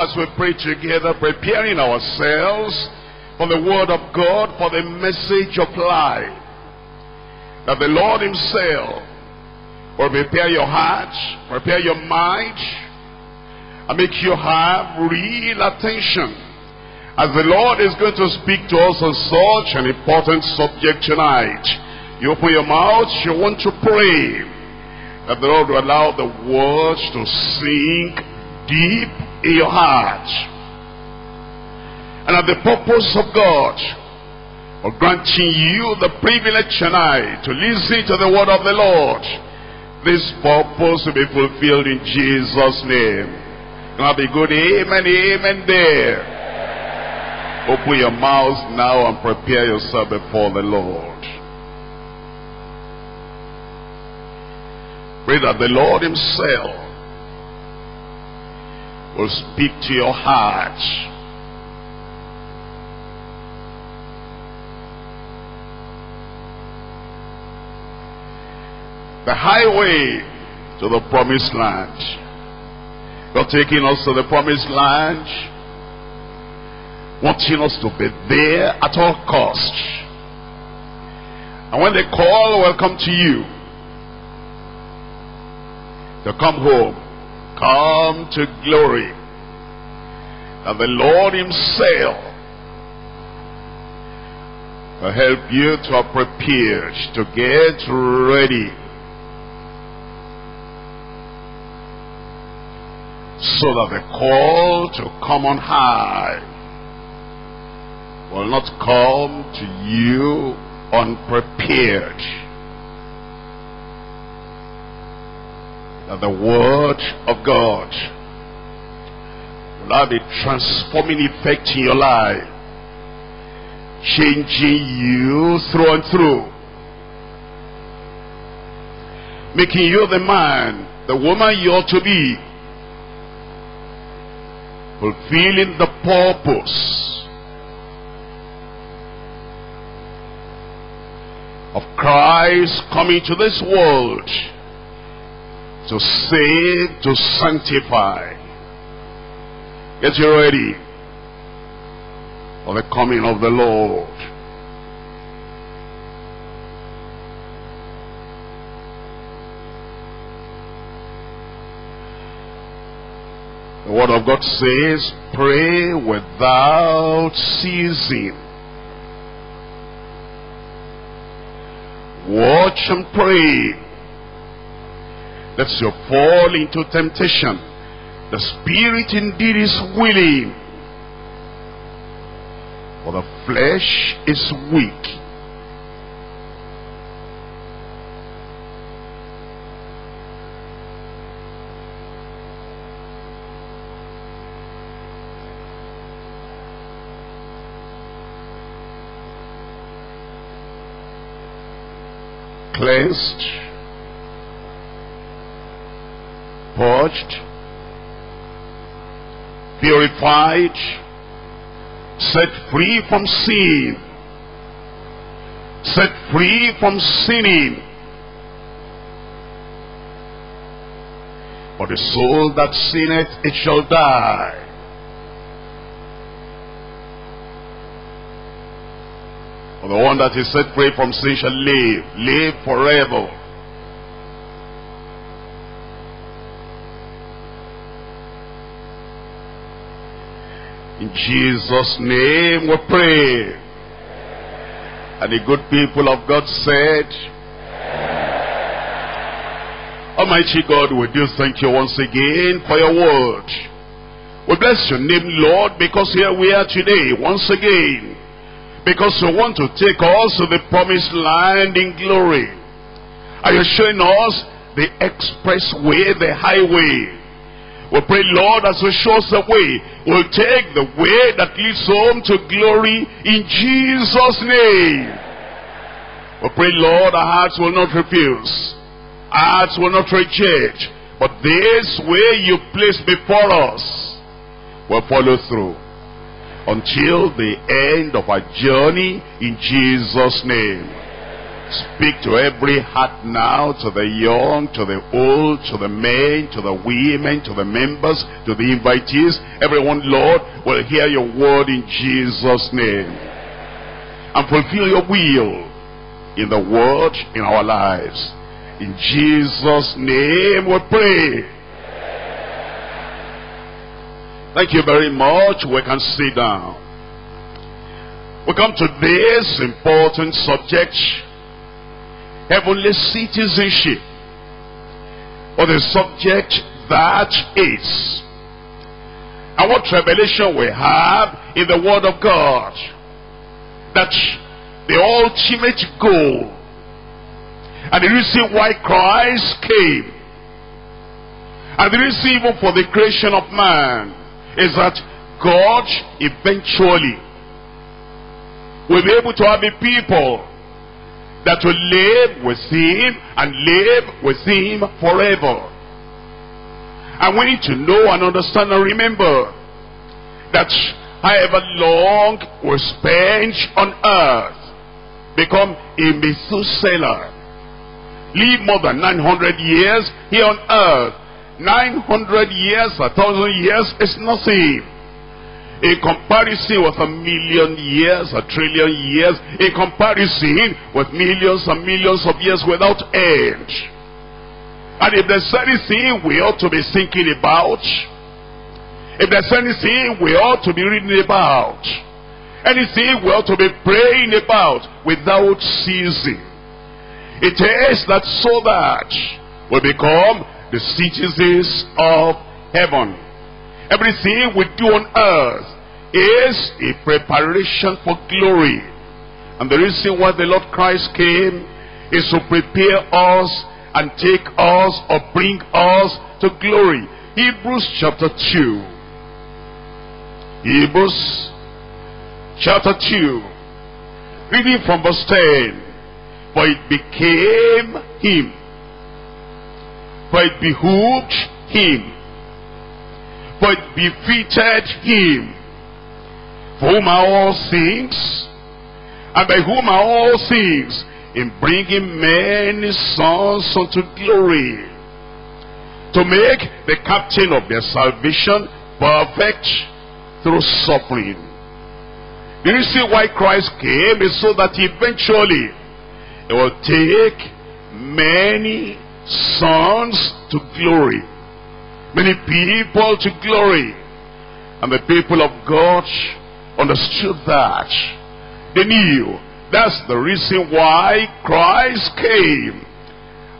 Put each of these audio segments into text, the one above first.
As we pray together, preparing ourselves for the word of God, for the message of life, that the Lord himself will prepare your heart, prepare your mind, and make you have real attention as the Lord is going to speak to us on such an important subject tonight. You open your mouth, you want to pray that the Lord will allow the words to sink deep in your heart and at the purpose of God for granting you the privilege tonight to listen to the word of the Lord. This purpose will be fulfilled in Jesus' name. Now be good, amen, amen there. Open your mouth now and prepare yourself before the Lord. Pray that the Lord himself will speak to your heart. The highway to the promised land. God taking us to the promised land, wanting us to be there at all cost. And when they call, welcome to you to come home come to glory. And the Lord himself will help you to are prepared, to get ready. So that the call to come on high will not come to you unprepared. that the word of God will have a transforming effect in your life, changing you through and through, making you the man, the woman you ought to be, fulfilling the purpose of Christ coming to this world to save, to sanctify. Get you ready for the coming of the Lord. The Word of God says, pray without ceasing. Watch and pray lest you fall into temptation. The spirit indeed is willing, but the flesh is weak. Cleansed purged, purified, set free from sin, set free from sinning. For the soul that sinneth, it shall die. For the one that is set free from sin shall live, live forever. In Jesus' name we pray. And the good people of God said, Almighty God, we do thank you once again for your word. We bless your name, Lord, because here we are today once again. Because you want to take us to the promised land in glory. Are you showing us the express way, the highway? We pray, Lord, as we show us the way, we'll take the way that leads home to glory in Jesus' name. We pray, Lord, our hearts will not refuse. Our hearts will not reject. But this way you place before us will follow through until the end of our journey in Jesus' name. Speak to every heart now, to the young, to the old, to the men, to the women, to the members, to the invitees. Everyone, Lord, will hear your word in Jesus' name. And fulfill your will in the world, in our lives. In Jesus' name we pray. Thank you very much. We can sit down. We come to this important subject heavenly citizenship or the subject that is and what revelation we have in the word of God that the ultimate goal and the reason why Christ came and the reason even for the creation of man is that God eventually will be able to have a people that will live with him and live with him forever. And we need to know and understand and remember that however long we spend on earth, become a seller, Live more than 900 years here on earth. 900 years, a thousand years is nothing. A comparison with a million years, a trillion years. A comparison with millions and millions of years without end. And if there's anything we ought to be thinking about, if there's anything we ought to be reading about, anything we ought to be praying about without ceasing, it is that so that we become the citizens of heaven. Everything we do on earth is a preparation for glory. And the reason why the Lord Christ came is to prepare us and take us or bring us to glory. Hebrews chapter 2. Hebrews chapter 2. Reading from verse 10. For it became him. For it behooved him. For it befitted him whom are all things, and by whom are all things, in bringing many sons unto glory, to make the captain of their salvation perfect through suffering. Do you see why Christ came? Is so that eventually it will take many sons to glory, many people to glory, and the people of God understood that. They knew. That's the reason why Christ came.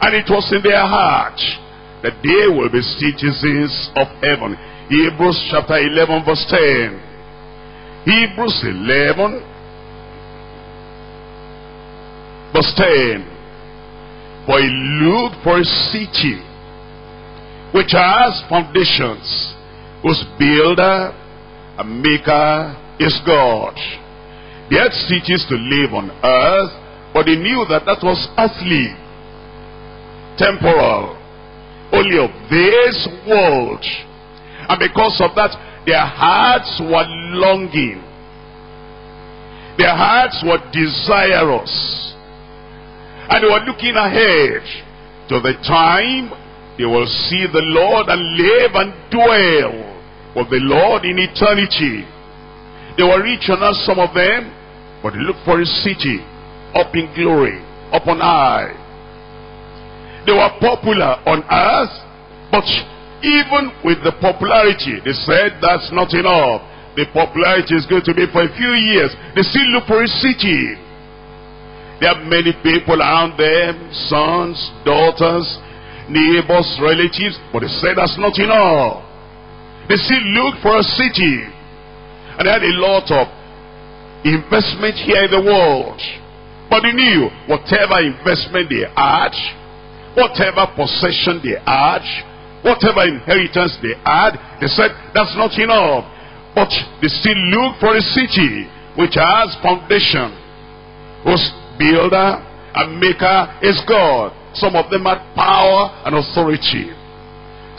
And it was in their heart that they will be citizens of heaven. Hebrews chapter 11 verse 10. Hebrews 11 verse 10. For he looked for a city which has foundations, whose builder and maker is God. They had cities to live on earth, but they knew that that was earthly, temporal, only of this world. And because of that, their hearts were longing. Their hearts were desirous. And they were looking ahead to the time they will see the Lord and live and dwell with the Lord in eternity. They were rich on us, some of them, but they look for a city up in glory, up on high. They were popular on earth, but even with the popularity, they said that's not enough. The popularity is going to be for a few years. They still look for a city. There are many people around them, sons, daughters, neighbors, relatives, but they said that's not enough. They still look for a city and had a lot of investment here in the world. But they knew whatever investment they had, whatever possession they had, whatever inheritance they had, they said, that's not enough. But they still look for a city which has foundation, whose builder and maker is God. Some of them had power and authority.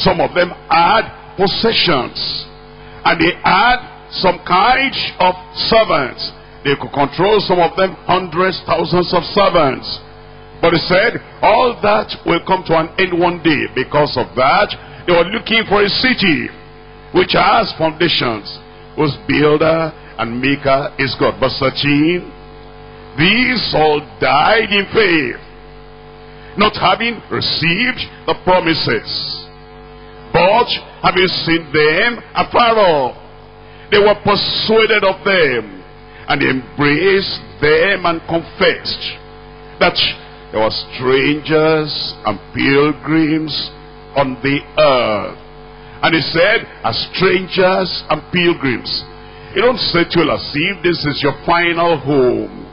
Some of them had possessions. And they had some kind of servants. They could control some of them hundreds, thousands of servants. But he said, all that will come to an end one day. Because of that, they were looking for a city which has foundations, whose builder and maker is God. Verse 13, these all died in faith, not having received the promises, but having seen them afar off they were persuaded of them. And embraced them and confessed that they were strangers and pilgrims on the earth. And he said, as strangers and pilgrims. You don't settle as if this is your final home.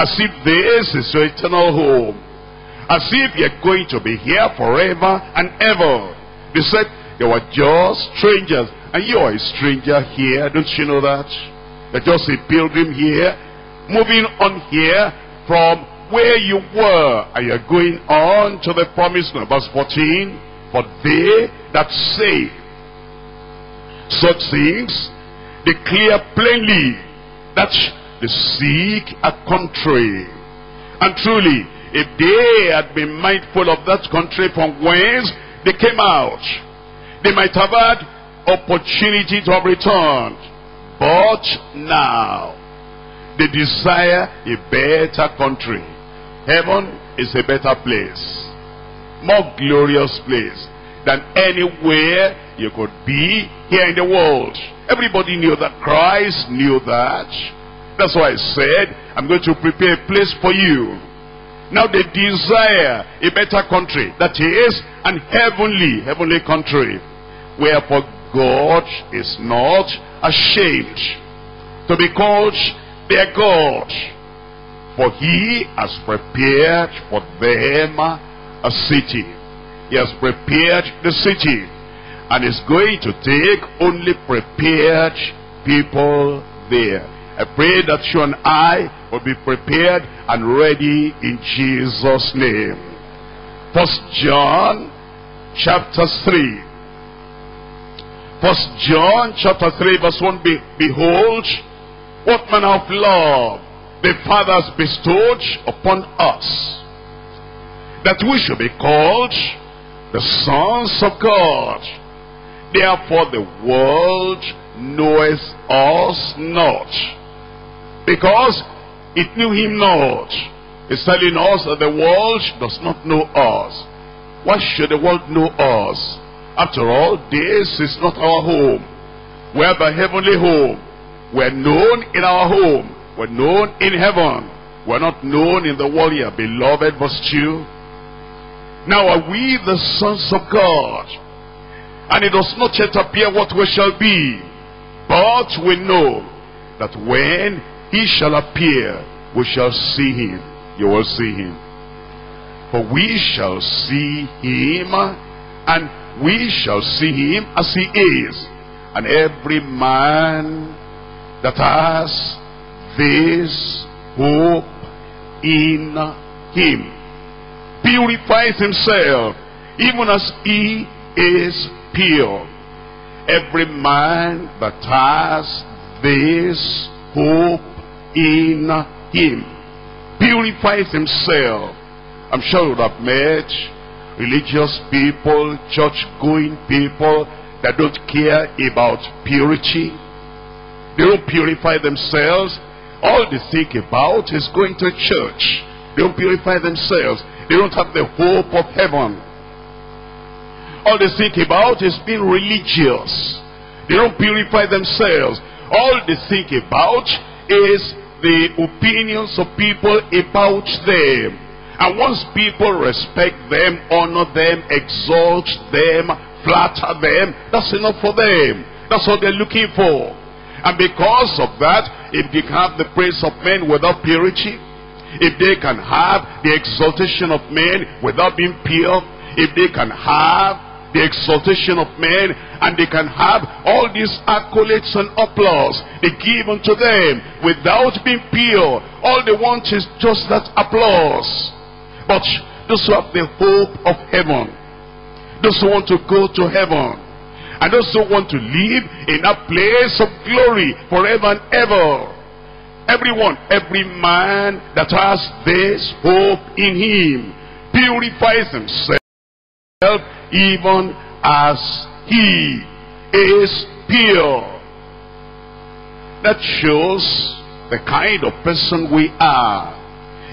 As if this is your eternal home. As if you're going to be here forever and ever. They said, they were just strangers. And you are a stranger here, don't you know that? You're just a pilgrim here, moving on here from where you were. And you're going on to the promised land. Verse 14, for they that say such things, declare plainly that they seek a country. And truly, if they had been mindful of that country from whence they came out, they might have had opportunity to have returned. But now, they desire a better country. Heaven is a better place. More glorious place than anywhere you could be here in the world. Everybody knew that. Christ knew that. That's why I said, I'm going to prepare a place for you. Now they desire a better country. That is, an heavenly, heavenly country. Where for God is not ashamed to be called their God. For he has prepared for them a city. He has prepared the city. And is going to take only prepared people there. I pray that you and I will be prepared and ready in Jesus' name. First John chapter 3 First John chapter 3 verse 1, Be Behold, what manner of love the Father has bestowed upon us, that we should be called the sons of God. Therefore the world knoweth us not, because it knew him not. He's telling us that the world does not know us. Why should the world know us? After all, this is not our home. We're the heavenly home. We're known in our home. We're known in heaven. We're not known in the world here. Beloved, verse 2. Now are we the sons of God. And it does not yet appear what we shall be. But we know that when he shall appear, we shall see him. You will see him. For we shall see him and we shall see him as he is. And every man that has this hope in him purifies himself even as he is pure. Every man that has this hope in him purifies himself. I'm sure you would have met religious people, church-going people that don't care about purity. They don't purify themselves. All they think about is going to church. They don't purify themselves. They don't have the hope of heaven. All they think about is being religious. They don't purify themselves. All they think about is the opinions of people about them. And once people respect them, honor them, exalt them, flatter them, that's enough for them. That's what they're looking for. And because of that, if they have the praise of men without purity, if they can have the exaltation of men without being pure, if they can have the exaltation of men and they can have all these accolades and applause they give unto them without being pure all they want is just that applause but those who have the hope of heaven, those who want to go to heaven, and those who want to live in a place of glory forever and ever. Everyone, every man that has this hope in him purifies himself even as he is pure. That shows the kind of person we are.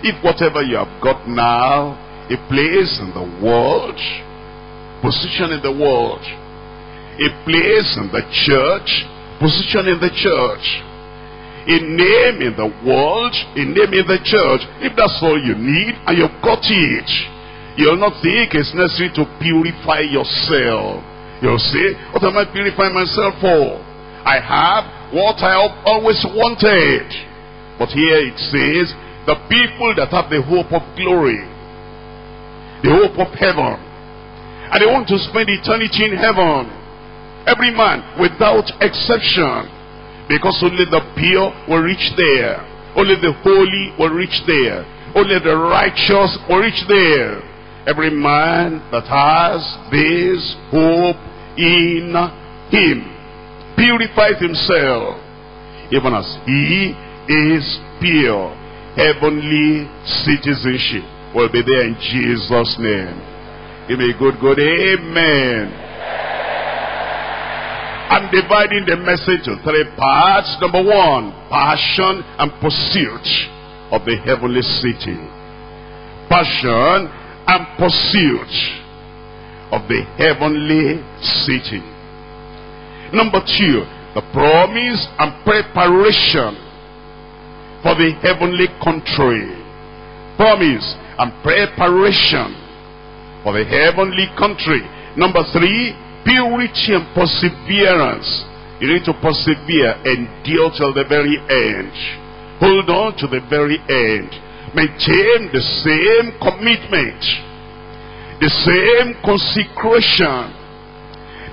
If whatever you have got now, a place in the world, position in the world, a place in the church, position in the church, a name in the world, a name in the church, if that's all you need and you've got it, you'll not think it's necessary to purify yourself. You'll say, what am I purifying myself for? I have what I have always wanted. But here it says, the people that have the hope of glory, the hope of heaven, and they want to spend eternity in heaven. Every man without exception, because only the pure will reach there, only the holy will reach there, only the righteous will reach there. Every man that has this hope in him purifies himself, even as he is pure heavenly citizenship will be there in Jesus' name. Give me a good, good amen. I'm dividing the message in three parts. Number one, passion and pursuit of the heavenly city. Passion and pursuit of the heavenly city. Number two, the promise and preparation for the heavenly country. Promise and preparation for the heavenly country. Number three, purity and perseverance. You need to persevere, endure till the very end. Hold on to the very end. Maintain the same commitment, the same consecration,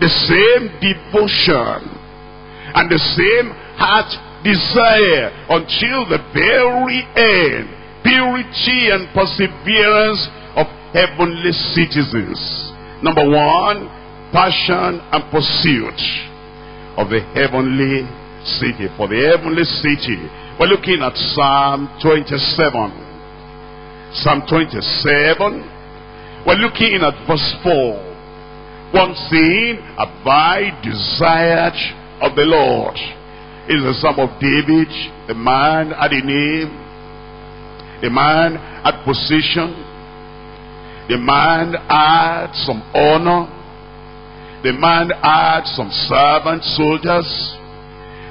the same devotion, and the same heart desire until the very end purity and perseverance of heavenly citizens. Number one, passion and pursuit of the heavenly city, for the heavenly city. We're looking at Psalm 27. Psalm 27. We're looking at verse 4. One thing abide I desired of the Lord it's the Psalm of David, a man had a name, a man had position, the man had some honor, the man had some servant soldiers,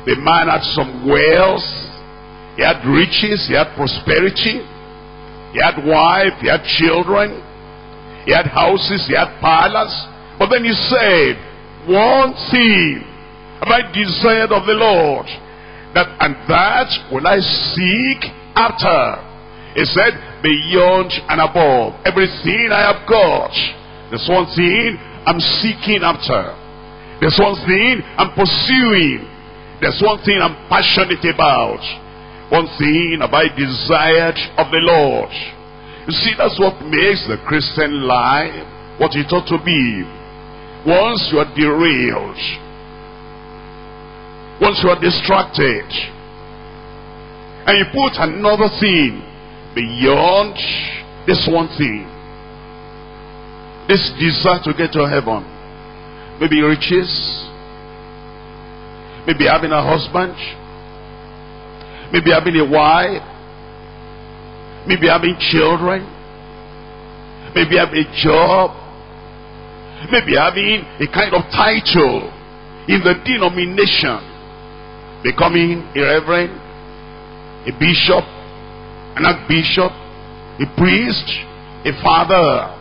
the man had some wealth, he had riches, he had prosperity, he had wife, he had children, he had houses, he had palace. But then he said, one thing have I desired of the Lord, that and that will I seek after. He said, beyond and above, everything I have got, there's one thing I'm seeking after. There's one thing I'm pursuing. There's one thing I'm passionate about. One thing have I desired of the Lord. You see, that's what makes the Christian life what it ought to be. Once you are derailed, once you are distracted and you put another thing beyond this one thing, this desire to get to heaven, maybe riches, maybe having a husband, maybe having a wife, maybe having children, maybe having a job, maybe having a kind of title in the denomination becoming a reverend, a bishop, an archbishop, a priest, a father.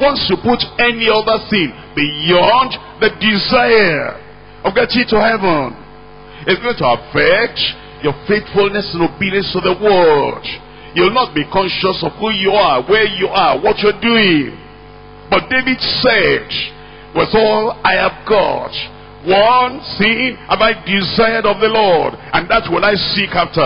Once you put any other thing beyond the desire of getting to heaven, it's going to affect your faithfulness and obedience to the word. You'll not be conscious of who you are, where you are, what you're doing. But David said, with all I have got, one thing have I desired of the Lord, and that will I seek after,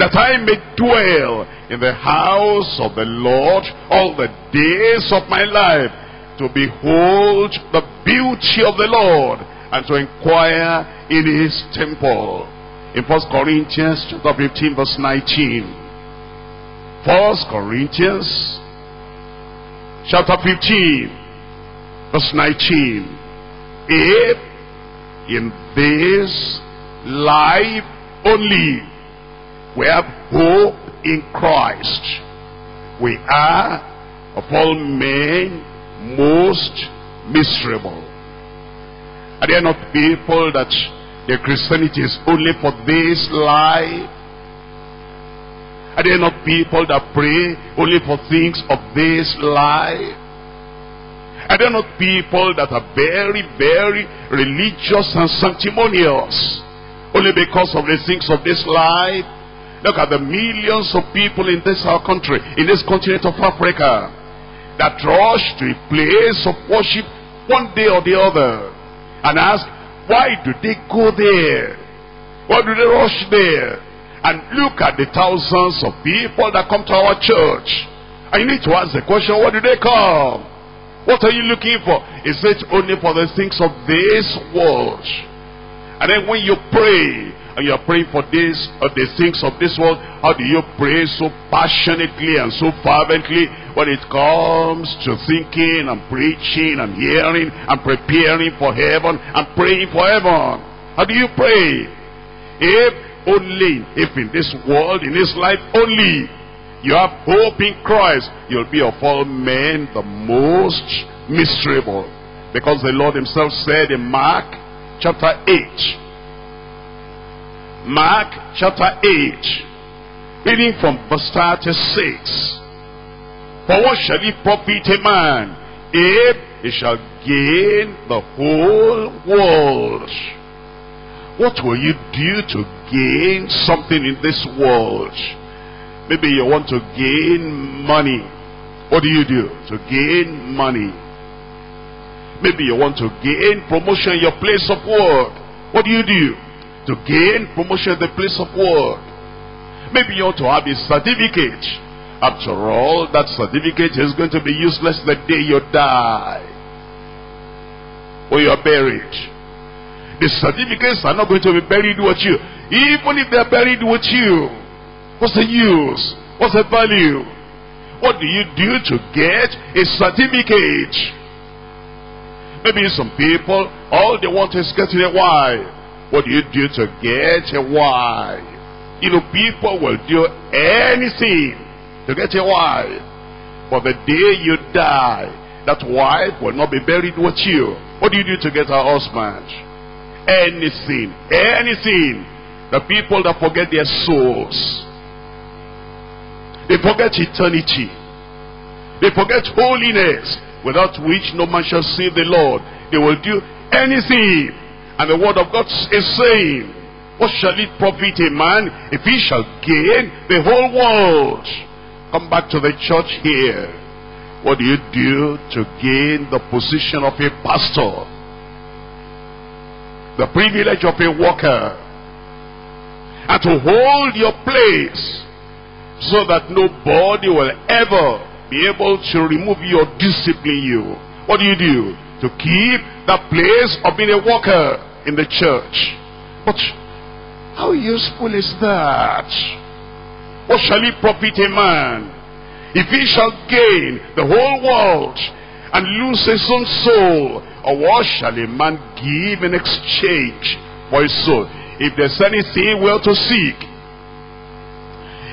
that I may dwell in the house of the Lord all the days of my life, to behold the beauty of the Lord, and to inquire in his temple. In 1 Corinthians chapter 15 verse 19. 1 Corinthians chapter 15 verse 19. If in this life only. We have hope in Christ. We are of all men most miserable. Are there not people that their Christianity is only for this life? Are there not people that pray only for things of this life? Are there not people that are very, very religious and sanctimonious. Only because of the things of this life. Look at the millions of people in this our country, in this continent of Africa, that rush to a place of worship one day or the other. And ask, why do they go there? Why do they rush there? And look at the thousands of people that come to our church. I need to ask the question, what do they come? What are you looking for? Is it only for the things of this world? And then when you pray, and you are praying for this or uh, the things of this world, how do you pray so passionately and so fervently when it comes to thinking and preaching and hearing and preparing for heaven and praying for heaven? How do you pray? If only, if in this world, in this life only, you have hope in Christ, you'll be of all men the most miserable. Because the Lord himself said in Mark chapter 8, Mark chapter 8, reading from verse 36, For what shall it profit a man if he shall gain the whole world? What will you do to gain something in this world? Maybe you want to gain money. What do you do? To gain money. Maybe you want to gain promotion in your place of work. What do you do? To gain promotion in the place of work. Maybe you want to have a certificate. After all, that certificate is going to be useless the day you die. Or you are buried. The certificates are not going to be buried with you. Even if they are buried with you, What's the use? What's the value? What do you do to get a certificate? Maybe some people, all they want is getting a why. What do you do to get a why? You know, people will do anything to get a why. For the day you die, that wife will not be buried with you. What do you do to get a husband? Anything, anything. The people that forget their souls, they forget eternity. They forget holiness, without which no man shall see the Lord. They will do anything. And the word of God is saying, What shall it profit a man if he shall gain the whole world? Come back to the church here. What do you do to gain the position of a pastor? The privilege of a worker. And to hold your place so that nobody will ever be able to remove you or discipline you. What do you do? To keep the place of being a worker in the church. But how useful is that? What shall it profit a man if he shall gain the whole world and lose his own soul? Or what shall a man give in exchange for his soul? If there's anything well to seek,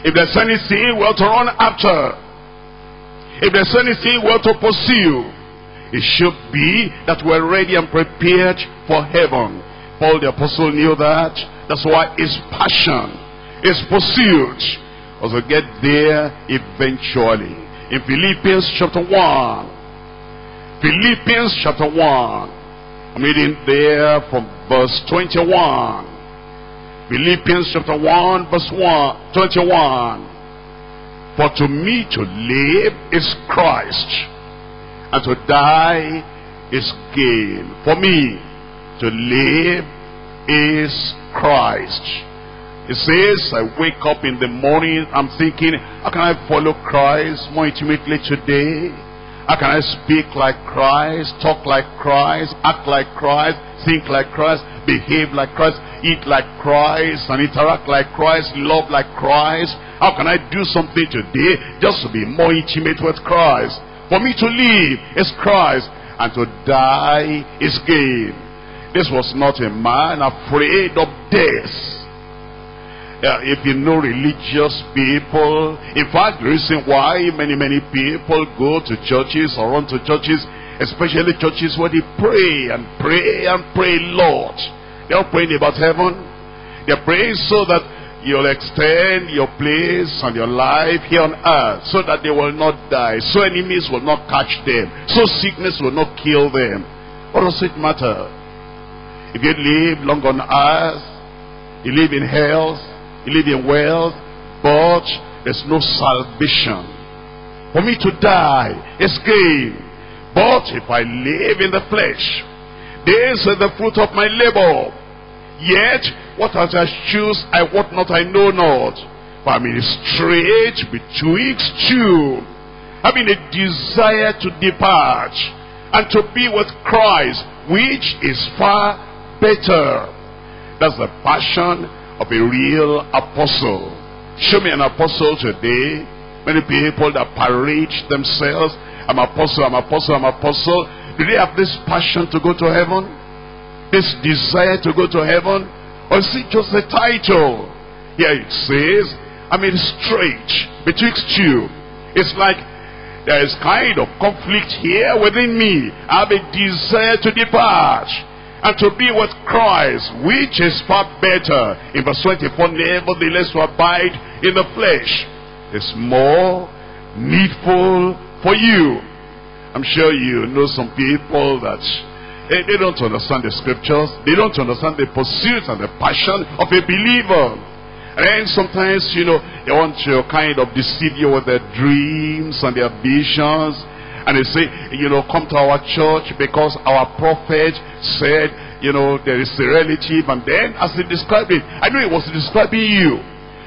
if there's anything we to run after, if there's anything we to pursue, it should be that we're ready and prepared for heaven. Paul the apostle knew that. That's why his passion, his pursuit, was to get there eventually. In Philippians chapter 1, Philippians chapter 1, I'm reading there from verse 21. Philippians chapter 1 verse 1, 21. For to me to live is Christ, and to die is gain. For me to live is Christ. It says, I wake up in the morning, I'm thinking, how can I follow Christ more intimately today? How can I speak like Christ, talk like Christ, act like Christ, think like Christ, behave like Christ, eat like Christ, and interact like Christ, love like Christ? How can I do something today just to be more intimate with Christ? For me to live is Christ, and to die is gain. This was not a man afraid of death uh, if you know religious people, in fact, the reason why many, many people go to churches or run to churches, especially churches where they pray and pray and pray Lord. They are praying about heaven. They are praying so that you'll extend your place and your life here on earth so that they will not die, so enemies will not catch them, so sickness will not kill them. What does it matter? If you live long on earth, you live in hell, live in wealth, but there's no salvation. For me to die is gain. But if I live in the flesh, this is the fruit of my labor. Yet, what as I choose, I what not, I know not. For I'm in a strait betwixt two, having a desire to depart and to be with Christ, which is far better. That's the passion of a real apostle. Show me an apostle today. Many people that parade themselves. I'm apostle, I'm apostle, I'm apostle. Do they have this passion to go to heaven? This desire to go to heaven? Or is it just a title? Here it says, I mean, strange betwixt you. It's like there is kind of conflict here within me. I have a desire to depart and to be with Christ, which is far better. In verse 24, nevertheless to abide in the flesh is more needful for you. I'm sure you know some people that they, eh, they don't understand the scriptures. They don't understand the pursuit and the passion of a believer. And sometimes, you know, they want to kind of deceive you with their dreams and their visions. And they say, you know, come to our church because our prophet said, you know, there is a relative. And then as he described it, I know he was describing you.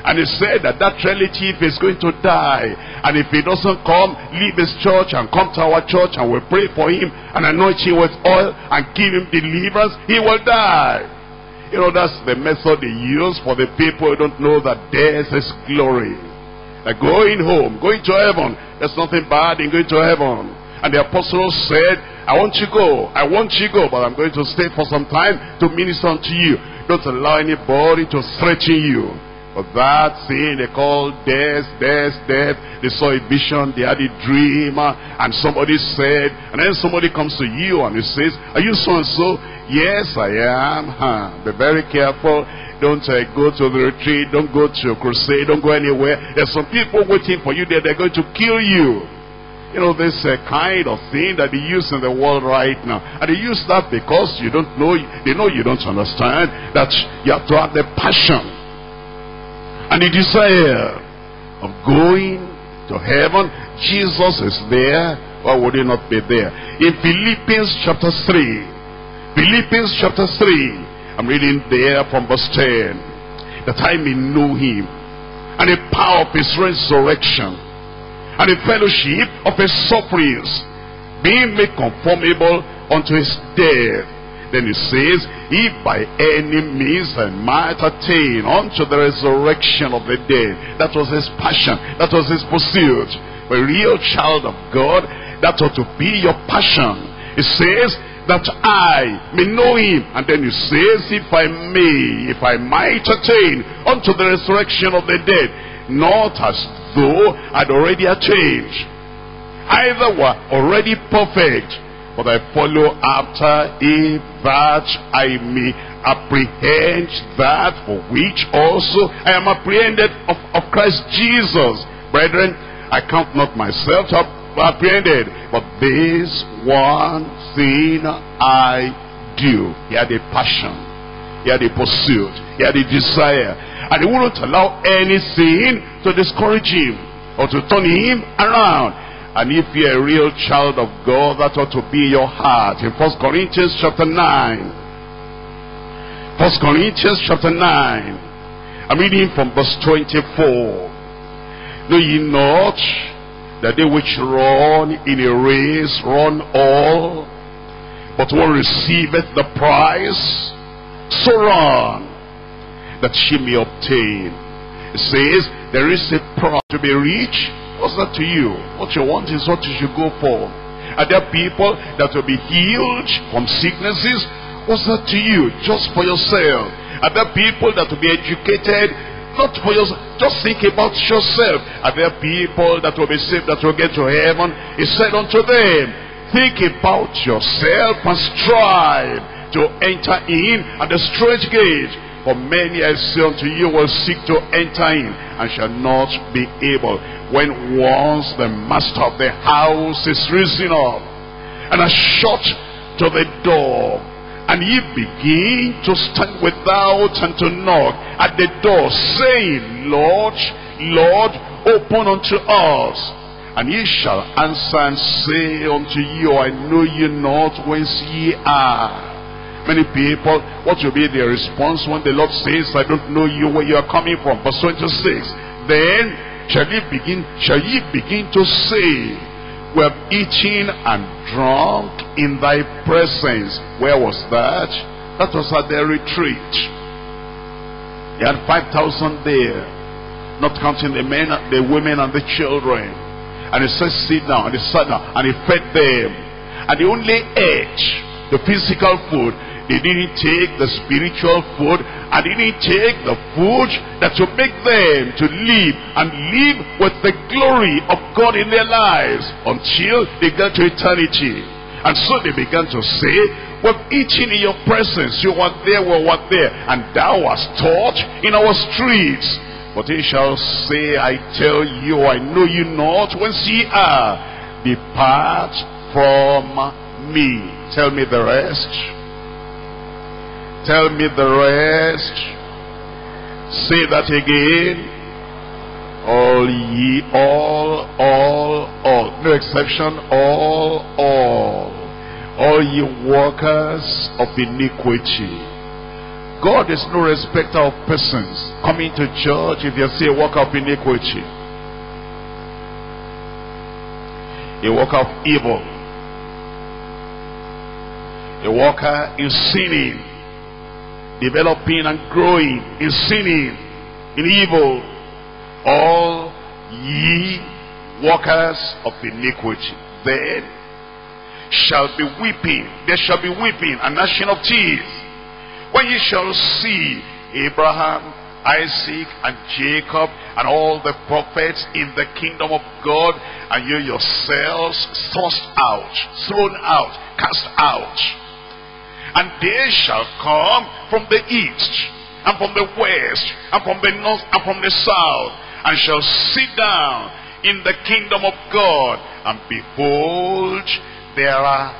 And he said that that relative is going to die. And if he doesn't come, leave his church and come to our church and we'll pray for him and anoint him with oil and give him deliverance. He will die. You know, that's the method they use for the people who don't know that death is glory that going home, going to heaven, there's nothing bad in going to heaven. And the apostle said, I want you go, I want you go, but I'm going to stay for some time to minister unto you. Don't allow anybody to stretch you. But that thing they called death, death, death. They saw a vision, they had a dream, uh, and somebody said, and then somebody comes to you and he says, Are you so and so? Yes, I am. Huh. Be very careful. Don't uh, go to the retreat, don't go to a crusade, don't go anywhere. There's some people waiting for you there, they're going to kill you. You know, this uh, kind of thing that they use in the world right now. And they use that because you don't know, they know you don't understand that you have to have the passion and the desire of going to heaven. Jesus is there. Why would he not be there? In Philippians chapter 3, Philippians chapter 3, I'm reading there from verse 10, that I may know him and the power of his resurrection and the fellowship of his sufferings, being made conformable unto his death then it says, If by any means I might attain unto the resurrection of the dead. That was his passion. That was his pursuit. a real child of God, that ought to be your passion. It says, that I may know him. And then he says, if I may, if I might attain unto the resurrection of the dead, not as though I'd already attained. Either were already perfect, but I follow after it that I may apprehend that for which also I am apprehended of, of Christ Jesus. Brethren, I count not myself to apprehended, but this one thing I do. He had a passion, he had a pursuit, he had a desire, and he wouldn't allow anything to discourage him or to turn him around. And if you're a real child of God, that ought to be your heart. In First Corinthians chapter 9. First Corinthians chapter 9. I'm reading from verse 24. Know ye not that they which run in a race run all, but one receiveth the prize? So run, that she may obtain. It says, there is a prize to be reached What's that to you? What you want is what you should go for. Are there people that will be healed from sicknesses? What's that to you? Just for yourself. Are there people that will be educated? Not for yourself. Just think about yourself. Are there people that will be saved that will get to heaven? He said unto them, Think about yourself and strive to enter in at the straight gate for many I say unto you will seek to enter in and shall not be able. When once the master of the house is risen up and has shut to the door, and ye begin to stand without and to knock at the door, saying, Lord, Lord, open unto us. And ye shall answer and say unto you, I know you not whence ye are many people, what will be their response when the Lord says, I don't know you, where you are coming from? Verse 26, then shall ye begin, shall ye begin to say, we have eaten and drunk in thy presence. Where was that? That was at their retreat. They had 5,000 there, not counting the men, the women, and the children. And he said, sit down. And he sat down. And he fed them. And the only ate the physical food. They didn't take the spiritual food. and didn't take the food that will make them to live and live with the glory of God in their lives until they get to eternity. And so they began to say, We've eaten in your presence. You were there, we were there. And thou wast taught in our streets. But he shall say, I tell you, I know you not. When ye are, depart from me. Tell me the rest. Tell me the rest. Say that again. All ye, all, all, all. No exception, all, all. All ye workers of iniquity. God is no respecter of persons. Coming to church, if you see a worker of iniquity, a worker of evil, a worker in sinning, developing and growing in sinning, in evil. All ye workers of iniquity, then shall be weeping, there shall be weeping and gnashing of teeth. When ye shall see Abraham, Isaac, and Jacob, and all the prophets in the kingdom of God, and you yourselves thrust out, thrown out, cast out and they shall come from the east, and from the west, and from the north, and from the south, and shall sit down in the kingdom of God. And behold, there are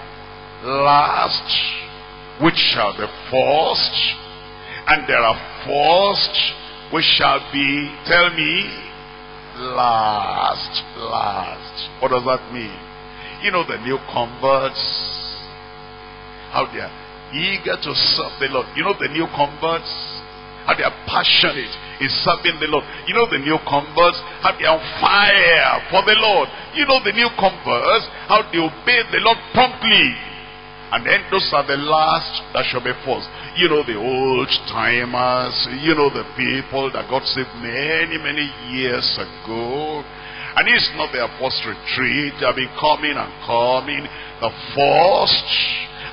last which shall be first, and there are first which shall be, tell me, last, last. What does that mean? You know the new converts, how they are eager to serve the Lord. You know the new converts? How they are passionate in serving the Lord. You know the new converts? How they are on fire for the Lord. You know the new converts? How they obey the Lord promptly. And then those are the last that shall be first. You know the old timers. You know the people that got saved many, many years ago. And it's not their first retreat. They've been coming and coming. The first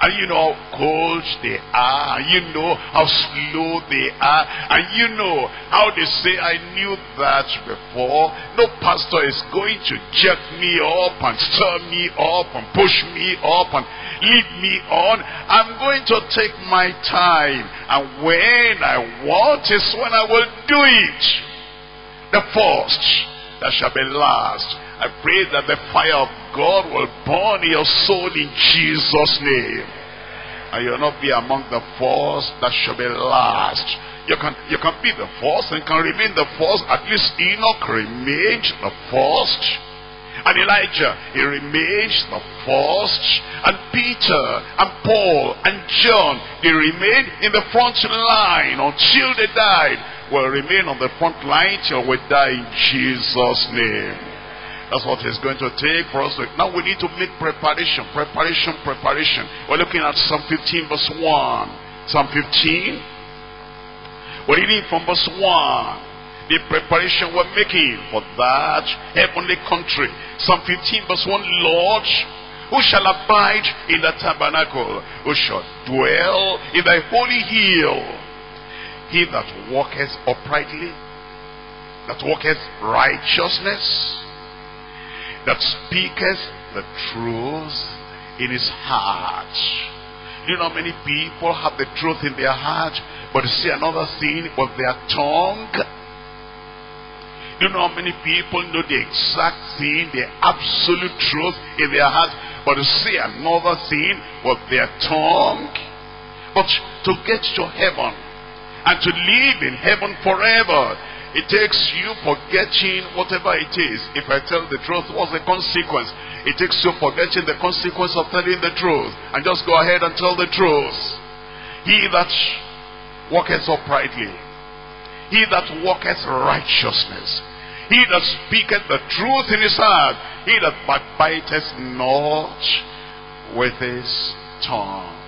and you know how cold they are, and you know how slow they are, and you know how they say, I knew that before. No pastor is going to jerk me up and stir me up and push me up and lead me on. I'm going to take my time, and when I want is when I will do it. The first that shall be last I pray that the fire of God will burn your soul in Jesus' name. And you'll not be among the first that shall be last. You can, you can be the first and can remain the first. At least Enoch remained the first. And Elijah, he remained the first. And Peter and Paul and John, they remained in the front line until they died. Will remain on the front line till we die in Jesus' name. That's what it's going to take for us. now we need to make preparation, preparation, preparation. We're looking at Psalm 15 verse 1. Psalm 15. We're reading from verse 1 the preparation we're making for that heavenly country. Psalm 15 verse 1, Lord, who shall abide in the tabernacle? Who shall dwell in thy holy hill? He that walketh uprightly, that walketh righteousness, that speaketh the truth in his heart. You know, many people have the truth in their heart, but say another thing with their tongue. You know, many people know the exact thing, the absolute truth in their heart, but say another thing with their tongue. But to get to heaven and to live in heaven forever, it takes you forgetting whatever it is. If I tell the truth, what's the consequence? It takes you forgetting the consequence of telling the truth. And just go ahead and tell the truth. He that walketh uprightly, he that walketh righteousness, he that speaketh the truth in his heart, he that backbiteth not with his tongue.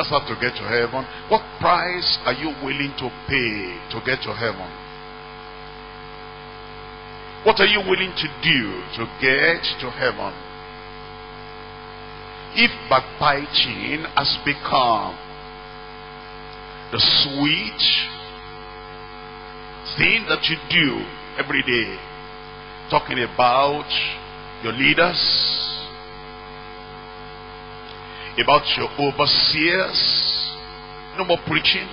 That's how to get to heaven. What price are you willing to pay to get to heaven? What are you willing to do to get to heaven? If backbiting has become the sweet thing that you do every day, talking about your leaders, about your overseers. No more preaching.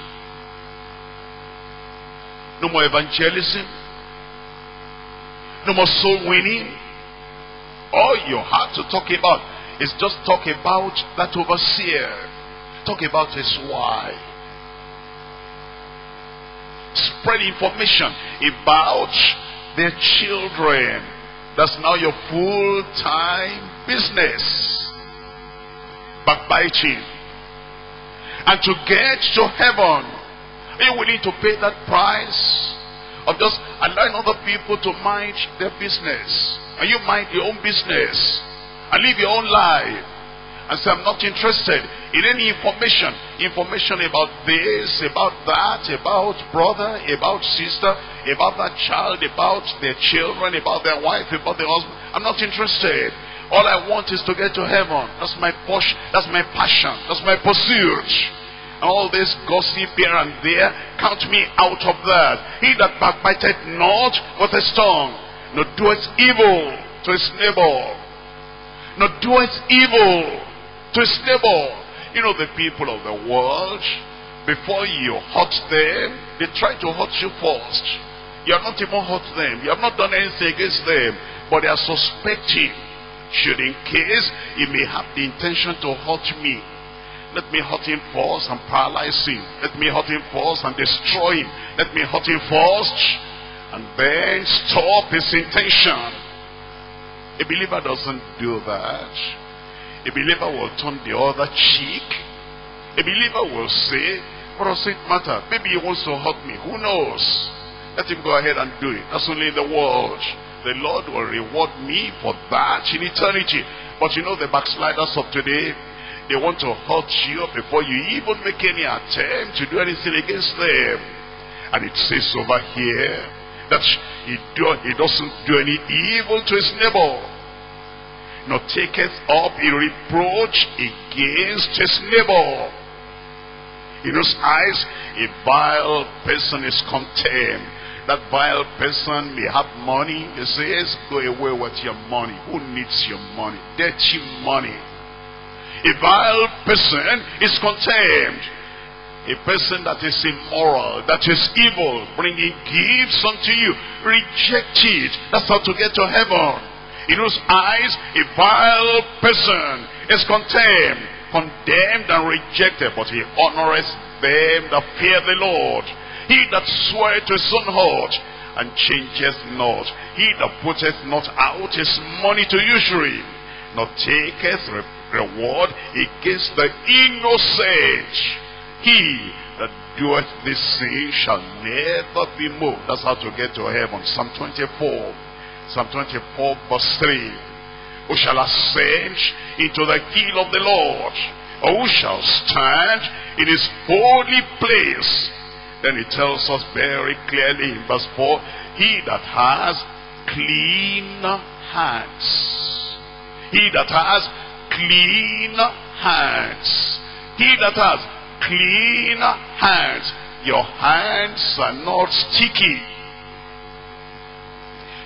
No more evangelism. No more soul winning. All you have to talk about is just talk about that overseer. Talk about his wife. Spread information about their children. That's now your full-time business backbiting. And to get to heaven, are you willing to pay that price of just allowing other people to mind their business? And you mind your own business and live your own life. And say, I'm not interested in any information. Information about this, about that, about brother, about sister, about that child, about their children, about their wife, about their husband. I'm not interested. All I want is to get to heaven. That's my push. That's my passion. That's my pursuit. And all this gossip here and there, count me out of that. He that backbiteth not with his tongue, nor doeth evil to his neighbor, nor doeth evil to his neighbor. You know the people of the world, before you hurt them, they try to hurt you first. You have not even hurt them. You have not done anything against them. But they are suspecting should in case he may have the intention to hurt me, let me hurt him first and paralyze him. Let me hurt him first and destroy him. Let me hurt him first and then stop his intention. A believer doesn't do that. A believer will turn the other cheek. A believer will say, what does it matter? Maybe he wants to hurt me. Who knows? Let him go ahead and do it. That's only in the world the Lord will reward me for that in eternity. But you know the backsliders of today, they want to hurt you before you even make any attempt to do anything against them. And it says over here that he, do, he doesn't do any evil to his neighbor, nor taketh up a reproach against his neighbor. In his eyes, a vile person is contemned. That vile person may have money. He says, go away with your money. Who needs your money? Dirty money. A vile person is contemned. A person that is immoral, that is evil, bringing gifts unto you. Reject it. That's how to get to heaven. In whose eyes, a vile person is contemned, condemned and rejected. But he honors them that fear the Lord he that sweareth own heart and changeth not. He that putteth not out his money to usury, nor taketh re reward against the innocent. He that doeth this sin shall never be moved. That's how to get to heaven. Psalm 24. Psalm 24 verse 3. Who shall ascend into the hill of the Lord? Or who shall stand in his holy place? Then he tells us very clearly in verse 4, He that has clean hands. He that has clean hands. He that has clean hands. Your hands are not sticky.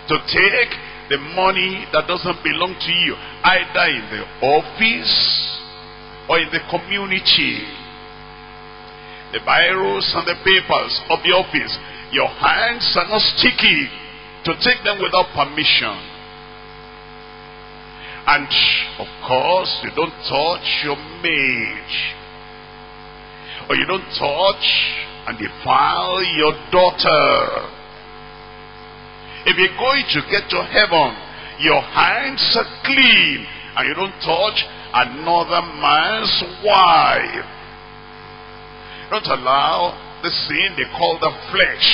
To take the money that doesn't belong to you, either in the office or in the community the virus and the papers of the office. Your hands are not sticky to take them without permission. And of course, you don't touch your mage, Or you don't touch and defile your daughter. If you're going to get to heaven, your hands are clean and you don't touch another man's wife. Don't allow the sin they call the flesh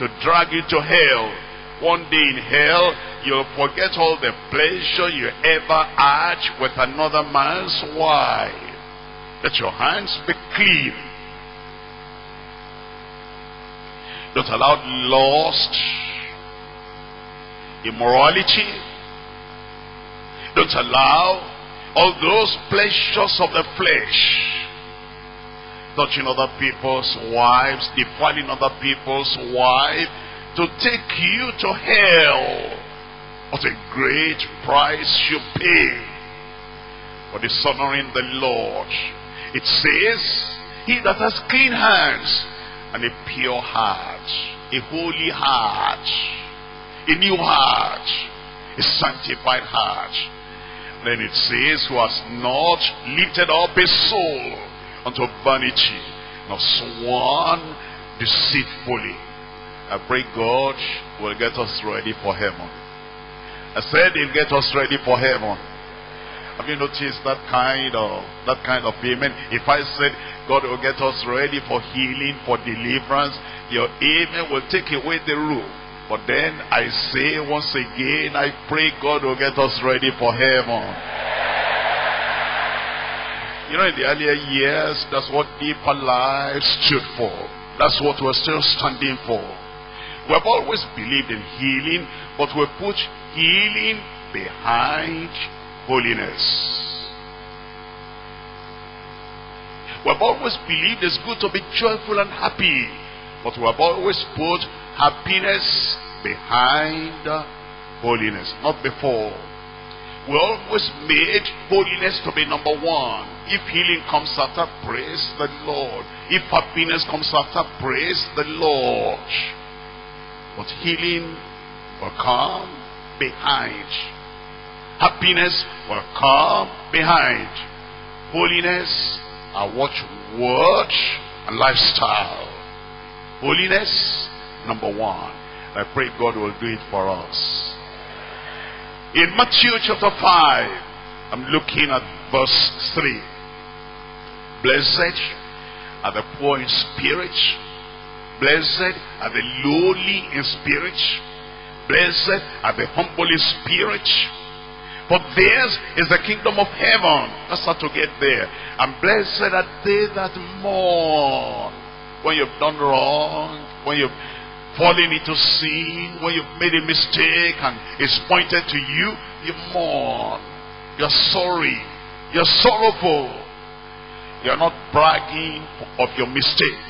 to drag you to hell. One day in hell, you'll forget all the pleasure you ever had with another man's wife. Let your hands be clean. Don't allow lust, immorality. Don't allow all those pleasures of the flesh touching other people's wives, defiling other people's wife, to take you to hell. What a great price you pay for dishonoring the Lord. It says, He that has clean hands and a pure heart, a holy heart, a new heart, a sanctified heart. Then it says, Who has not lifted up his soul unto vanity of swan deceitfully. I pray God will get us ready for heaven. I said he'll get us ready for heaven. Have you noticed that kind of that kind of amen? If I said God will get us ready for healing, for deliverance, your amen will take away the rule. But then I say once again, I pray God will get us ready for heaven. You know, in the earlier years, that's what deeper life stood for. That's what we're still standing for. We've always believed in healing, but we put healing behind holiness. We've always believed it's good to be joyful and happy, but we've always put happiness behind holiness, not before. We always made holiness to be number one. If healing comes after, praise the Lord. If happiness comes after, praise the Lord. But healing will come behind. Happiness will come behind. Holiness, our watch word and lifestyle. Holiness, number one. I pray God will do it for us. In Matthew chapter 5, I'm looking at verse 3. Blessed are the poor in spirit. Blessed are the lowly in spirit. Blessed are the humble in spirit. For theirs is the kingdom of heaven. Let's start to get there. And blessed are they that mourn. When you've done wrong, when you've falling into sin, when you've made a mistake and it's pointed to you, you mourn. You're sorry. You're sorrowful. You're not bragging of your mistake.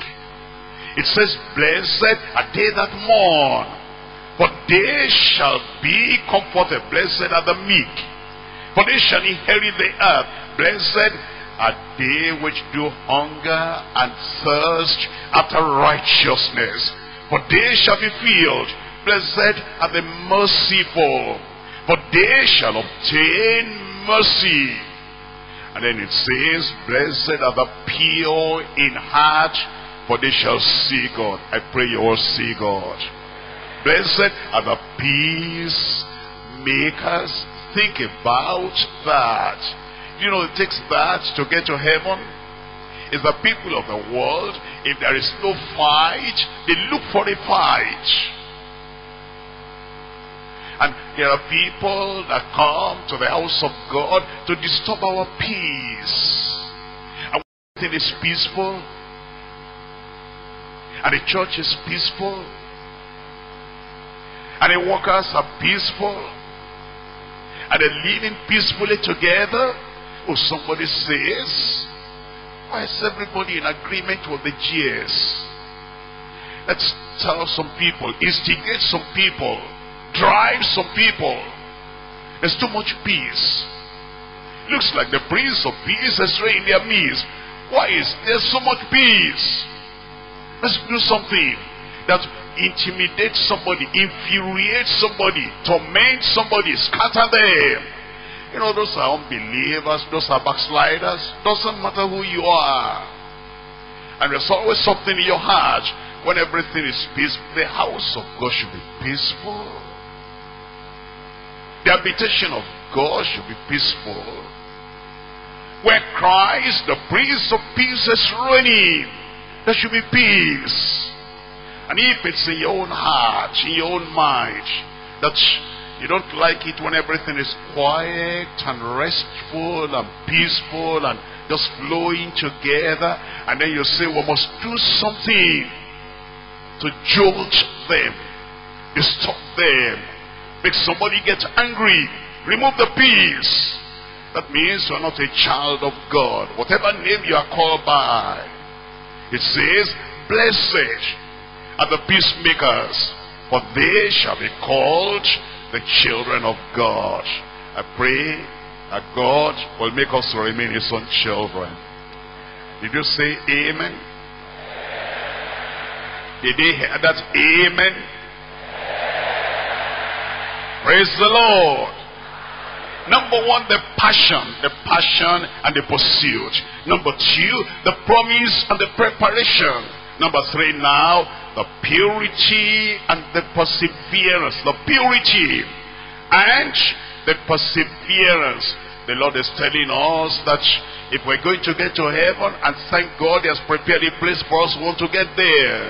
It says, blessed are they that mourn, for they shall be comforted. Blessed are the meek, for they shall inherit the earth. Blessed are they which do hunger and thirst after righteousness, for they shall be filled. Blessed are the merciful, for they shall obtain mercy. And then it says, Blessed are the pure in heart, for they shall see God. I pray you all see God. Blessed are the peace makers. Think about that. You know, it takes that to get to heaven is the people of the world. If there is no fight, they look for a fight. And there are people that come to the house of God to disturb our peace. And when is peaceful, and the church is peaceful, and the workers are peaceful, and they're living peacefully together, or oh, somebody says, why is everybody in agreement with the GS? Let's tell some people, instigate some people, drive some people. There's too much peace. Looks like the Prince of Peace is reigning in their midst. Why is there so much peace? Let's do something that intimidates somebody, infuriates somebody, torments somebody, scatter them. You know, those are unbelievers, those are backsliders. Doesn't matter who you are. And there's always something in your heart. When everything is peaceful, the house of God should be peaceful. The habitation of God should be peaceful. Where Christ, the Prince of Peace, is reigning, there should be peace. And if it's in your own heart, in your own mind, that you don't like it when everything is quiet and restful and peaceful and just flowing together. And then you say, we must do something to jolt them, disturb them, make somebody get angry, remove the peace. That means you are not a child of God. Whatever name you are called by, it says, blessed are the peacemakers, for they shall be called the children of God. I pray that God will make us to remain his own children. Did you say amen? Did they hear that amen? Praise the Lord. Number one, the passion, the passion and the pursuit. Number two, the promise and the preparation. Number three now, the purity and the perseverance. The purity and the perseverance. The Lord is telling us that if we're going to get to heaven and thank God he has prepared a place for us we want to get there.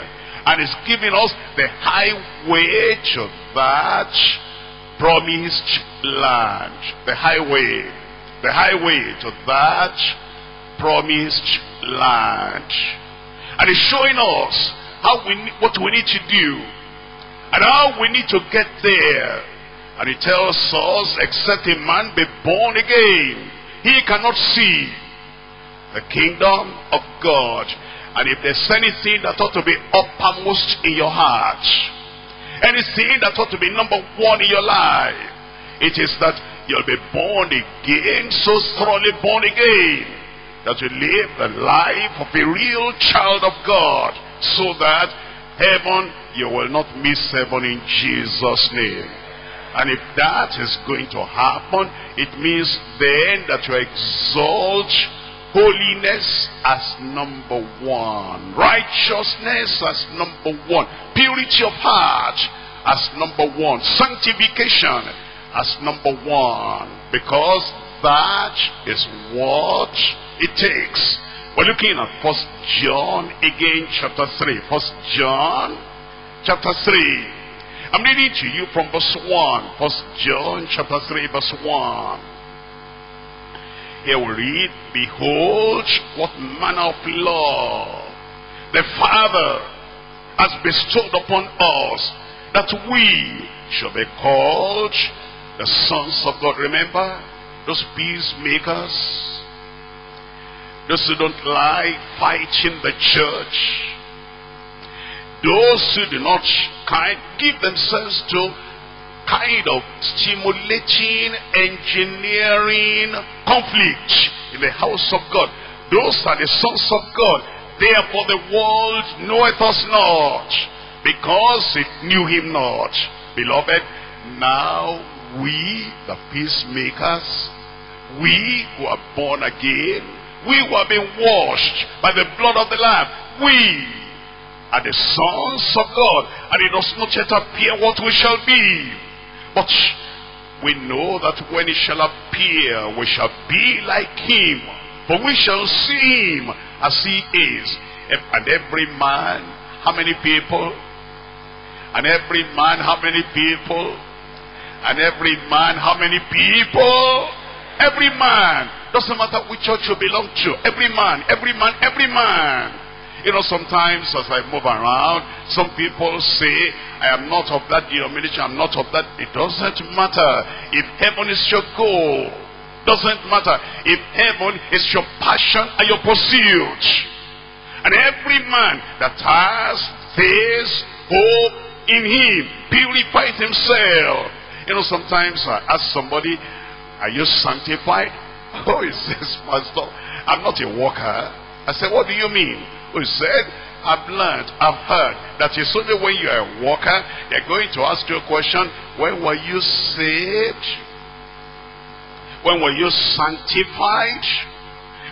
And he's giving us the highway to that promised land. The highway. The highway to that promised land. And he's showing us how we, what we need to do and how we need to get there. And he tells us, except a man be born again, he cannot see the kingdom of God. And if there's anything that ought to be uppermost in your heart, anything that ought to be number one in your life, it is that you'll be born again, so thoroughly born again that you live the life of a real child of God so that heaven, you will not miss heaven in Jesus' name. And if that is going to happen, it means then that you exalt holiness as number one, righteousness as number one, purity of heart as number one, sanctification as number one, because that is what it takes. We're looking at First John again, chapter 3. First John chapter 3. I'm reading to you from verse 1. First John chapter 3, verse 1. Here we read, Behold, what manner of love the Father has bestowed upon us, that we shall be called the sons of God. Remember, those peacemakers, those who don't like fighting the church, those who do not kind, give themselves to kind of stimulating, engineering conflict in the house of God. Those are the sons of God. Therefore the world knoweth us not, because it knew him not. Beloved, now we, the peacemakers, we who are born again, we who have been washed by the blood of the Lamb, we are the sons of God, and it does not yet appear what we shall be. But we know that when it shall appear, we shall be like him, for we shall see him as he is. And every man, how many people? And every man, how many people? And every man, how many people? Every man, doesn't matter which church you belong to, every man, every man, every man. You know, sometimes as I move around, some people say, I am not of that denomination, I'm not of that. It doesn't matter. If heaven is your goal, doesn't matter. If heaven is your passion and your pursuit, and every man that has this hope in him purifies himself. You know, sometimes I ask somebody, are you sanctified? Oh, he says, Pastor, I'm not a walker. I said, What do you mean? Oh, he said, I've learned, I've heard that it's only when you're a walker, they're going to ask you a question, when were you saved? When were you sanctified?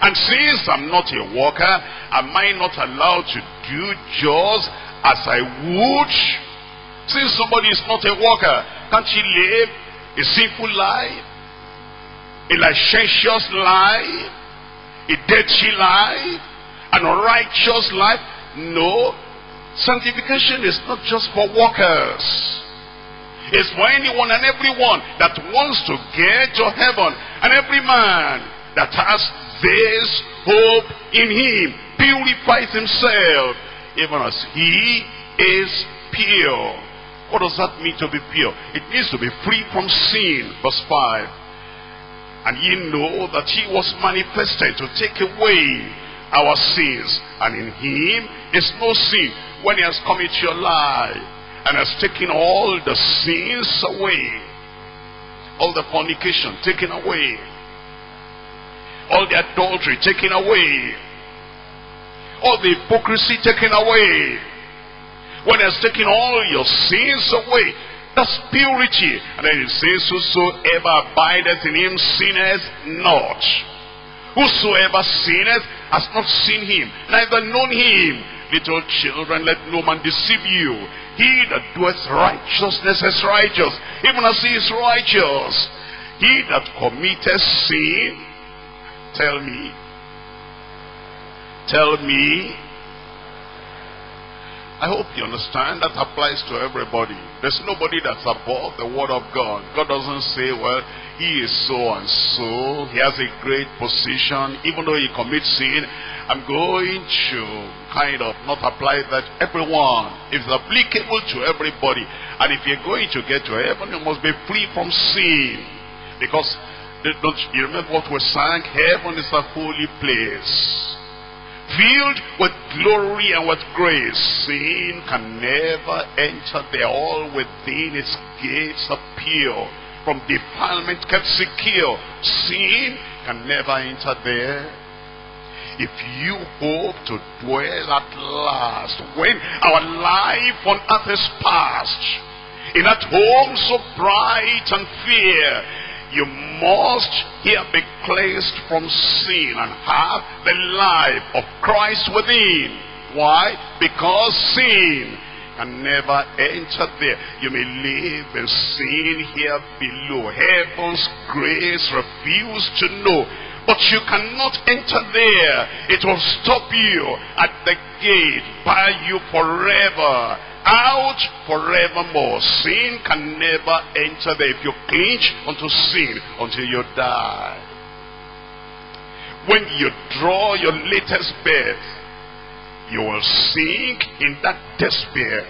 And since I'm not a walker, am I not allowed to do just as I would? Since somebody is not a walker, can't he live a sinful life? a licentious life, a dirty life, an unrighteous life. No, sanctification is not just for workers. It's for anyone and everyone that wants to get to heaven. And every man that has this hope in him purifies himself, even as he is pure. What does that mean to be pure? It means to be free from sin. Verse 5. And ye know that he was manifested to take away our sins. And in him is no sin. When he has come into your life and has taken all the sins away. All the fornication taken away. All the adultery taken away. All the hypocrisy taken away. When he has taken all your sins away that's purity. And then it says, Whosoever abideth in him sinneth not. Whosoever sinneth has not seen him, neither known him. Little children, let no man deceive you. He that doeth righteousness is righteous, even as he is righteous. He that committeth sin, tell me, tell me, I hope you understand that applies to everybody. There's nobody that's above the word of God. God doesn't say, well, he is so and so. He has a great position. Even though he commits sin, I'm going to kind of not apply that everyone. It's applicable to everybody. And if you're going to get to heaven, you must be free from sin. Because don't you remember what we sang? Heaven is a holy place filled with glory and with grace. Sin can never enter there. All within its gates are From defilement kept secure. Sin can never enter there. If you hope to dwell at last, when our life on earth is past, in that home so bright and fair, you must here be cleansed from sin and have the life of Christ within. Why? Because sin can never enter there. You may live in sin here below. Heaven's grace refuse to know. But you cannot enter there. It will stop you at the gate, bar you forever out forevermore. Sin can never enter there if you clinch unto sin until you die. When you draw your latest breath, you will sink in that despair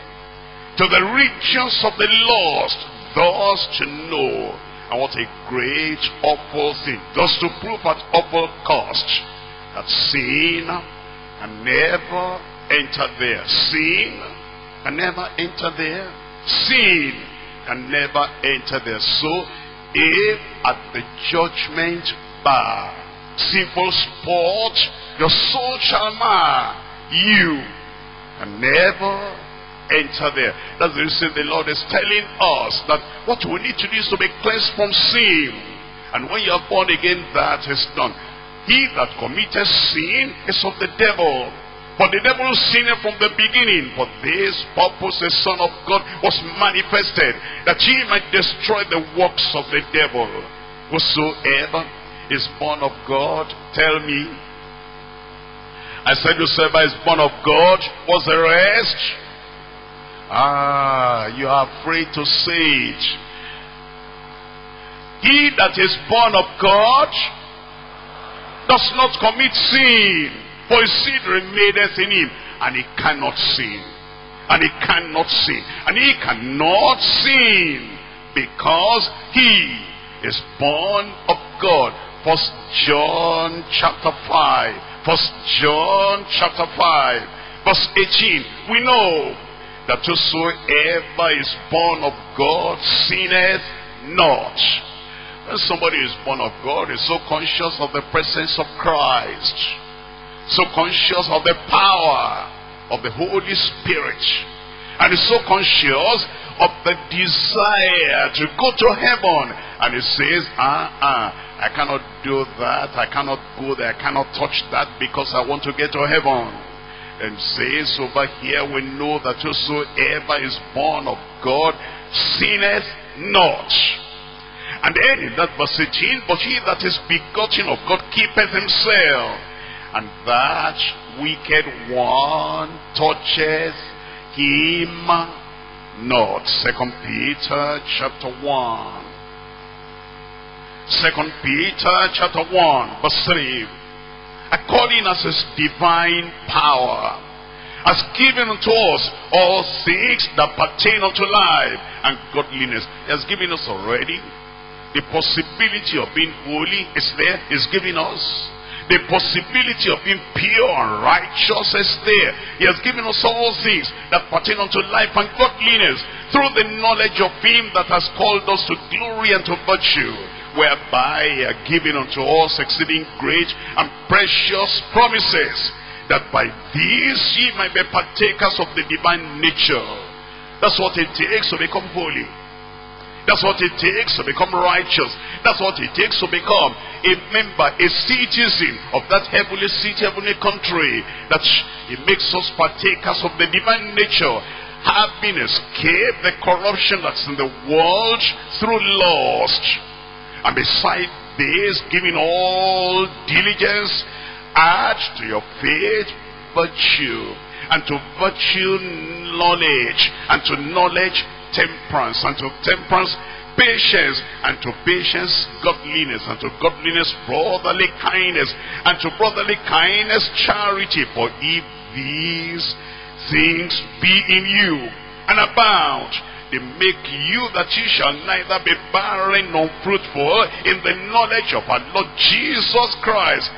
to the regions of the lost, thus to know. And what a great, awful thing, thus to prove at awful cost that sin can never enter there. Sin can never enter there. Sin can never enter there. So if at the judgment bar, sinful sport, your soul shall mar, you can never enter there. That's the reason the Lord is telling us that what we need to do is to be cleansed from sin. And when you are born again, that is done. He that committeth sin is of the devil. For the devil sinned from the beginning. For this purpose the Son of God was manifested, that he might destroy the works of the devil. Whosoever is born of God, tell me. I said, whosoever is born of God, was the rest? Ah, you are afraid to say it. He that is born of God does not commit sin. For his seed remaineth in him, and he cannot sin. And he cannot sin. And he cannot sin because he is born of God. First John chapter 5. First John chapter 5. Verse 18. We know that whosoever is born of God sinneth not. When somebody is born of God is so conscious of the presence of Christ so conscious of the power of the Holy Spirit and is so conscious of the desire to go to heaven and he says ah uh ah -uh, I cannot do that I cannot go there I cannot touch that because I want to get to heaven and says over here we know that whosoever is born of God sinneth not and then in that verse 18 but he that is begotten of God keepeth himself and that wicked one touches him not. Second Peter chapter 1. Second Peter chapter 1 verse 3. According as his divine power has given unto us all things that pertain unto life and godliness. He has given us already. The possibility of being holy is there. He's giving us the possibility of being pure and righteous is there. He has given us all things that pertain unto life and godliness through the knowledge of him that has called us to glory and to virtue whereby are given unto us exceeding great and precious promises that by these ye might be partakers of the divine nature. That's what it takes to become holy. That's what it takes to become righteous. That's what it takes to become a member, a citizen of that heavenly city, heavenly country. That it makes us partakers of the divine nature. Having escaped the corruption that's in the world through lust. And beside this, giving all diligence, add to your faith virtue. And to virtue, knowledge. And to knowledge, temperance, and to temperance patience, and to patience godliness, and to godliness brotherly kindness, and to brotherly kindness charity. For if these things be in you and abound, they make you that ye shall neither be barren nor fruitful in the knowledge of our Lord Jesus Christ.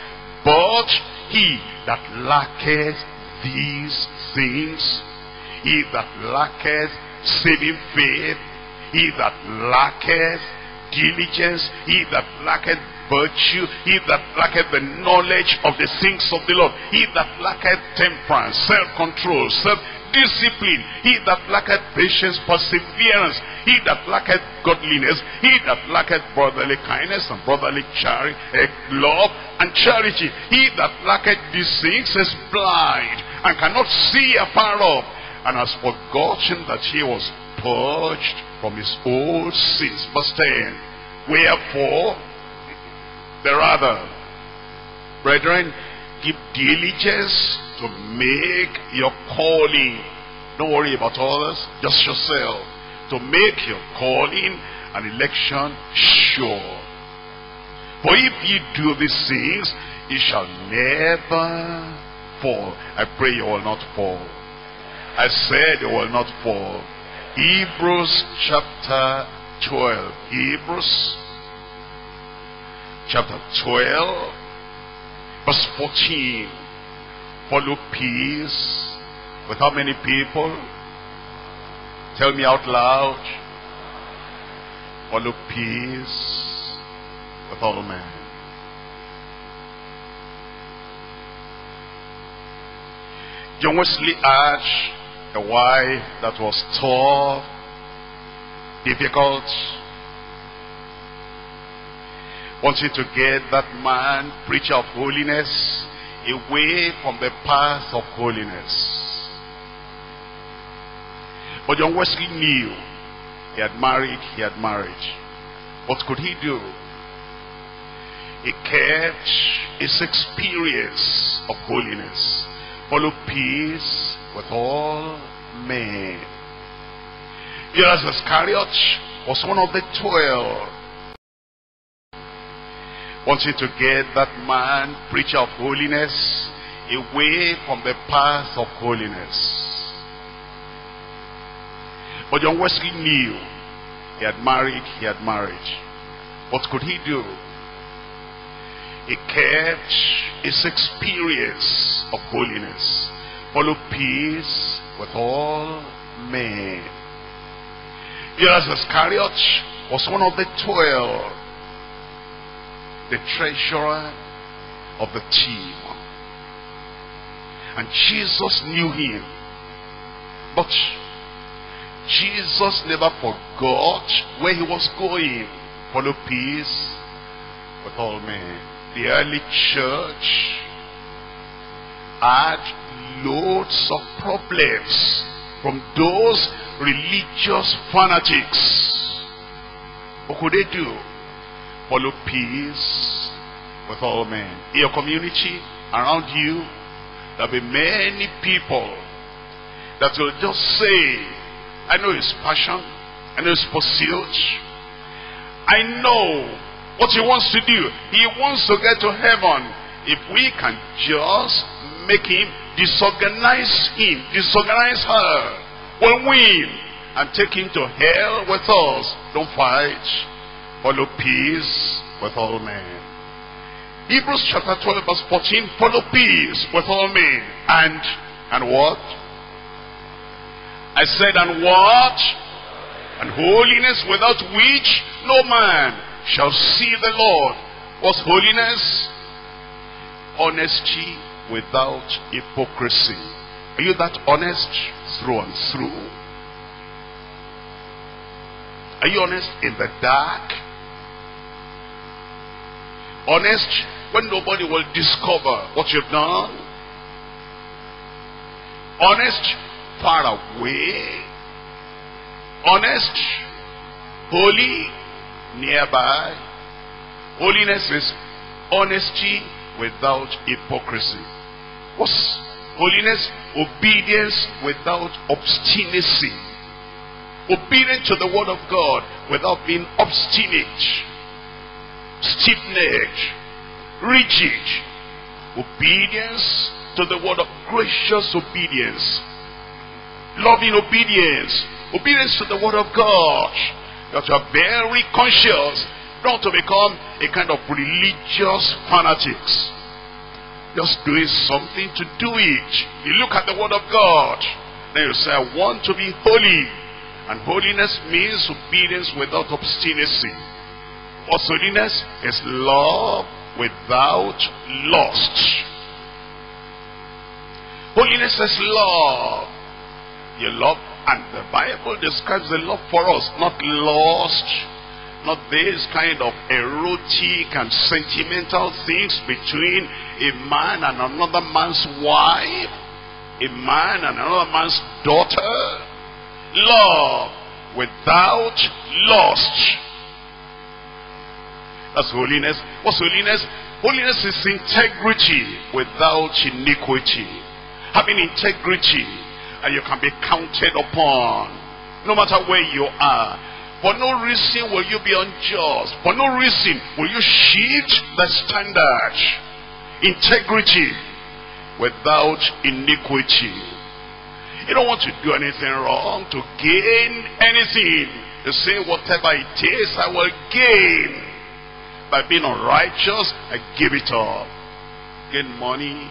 But he that lacketh these things, he that lacketh saving faith, he that lacketh diligence, he that lacketh virtue, he that lacketh the knowledge of the things of the Lord, he that lacketh temperance, self-control, self-discipline, he that lacketh patience, perseverance, he that lacketh godliness, he that lacketh brotherly kindness and brotherly charity, eh, love and charity, he that lacketh these things is blind and cannot see afar off, and has forgotten that he was purged from his old sins. Verse 10. Wherefore, the rather, brethren, give diligence to make your calling. Don't worry about others, just yourself. To make your calling and election sure. For if you do these things, you shall never fall. I pray you will not fall. I said it will not fall. Hebrews chapter 12. Hebrews chapter 12 verse 14. Follow peace with how many people? Tell me out loud. Follow peace with all men. John Wesley a wife that was tough, difficult, wanting to get that man, preacher of holiness, away from the path of holiness. But John Wesley knew he had married, he had married. What could he do? He kept his experience of holiness, followed peace, with all men. Judas Iscariot was one of the twelve. Wanting to get that man, preacher of holiness, away from the path of holiness. But John Wesley knew he had married, he had married. What could he do? He kept his experience of holiness. Follow peace with all men. Judas Iscariot was one of the twelve, the treasurer of the team. And Jesus knew him. But Jesus never forgot where he was going. Follow peace with all men. The early church had loads of problems from those religious fanatics. What could they do? Follow peace with all men. In your community, around you, there'll be many people that will just say, I know his passion, I know his pursuit, I know what he wants to do. He wants to get to heaven. If we can just make him disorganize him, disorganize her. We'll win and take him to hell with us. Don't fight. Follow peace with all men. Hebrews chapter 12 verse 14, follow peace with all men. And, and what? I said, and what? And holiness without which no man shall see the Lord. What's holiness? Honesty without hypocrisy. Are you that honest through and through? Are you honest in the dark? Honest when nobody will discover what you've done? Honest far away? Honest holy nearby? Holiness is honesty without hypocrisy. What's holiness? Obedience without obstinacy. Obedient to the word of God without being obstinate, stiff-necked, rigid. Obedience to the word of gracious obedience. Loving obedience. Obedience to the word of God. You have to be very conscious not to become a kind of religious fanatics. Just doing something to do it. You look at the word of God. Then you say, I want to be holy. And holiness means obedience without obstinacy. What's holiness? is love without lust. Holiness is love. You love, and the Bible describes the love for us, not lust not this kind of erotic and sentimental things between a man and another man's wife, a man and another man's daughter. Love without lust. That's holiness. What's holiness? Holiness is integrity without iniquity. Having integrity and you can be counted upon. No matter where you are, for no reason will you be unjust. For no reason will you shift the standard. Integrity without iniquity. You don't want to do anything wrong to gain anything. You say, whatever it is, I will gain. By being unrighteous, I give it up. Gain money,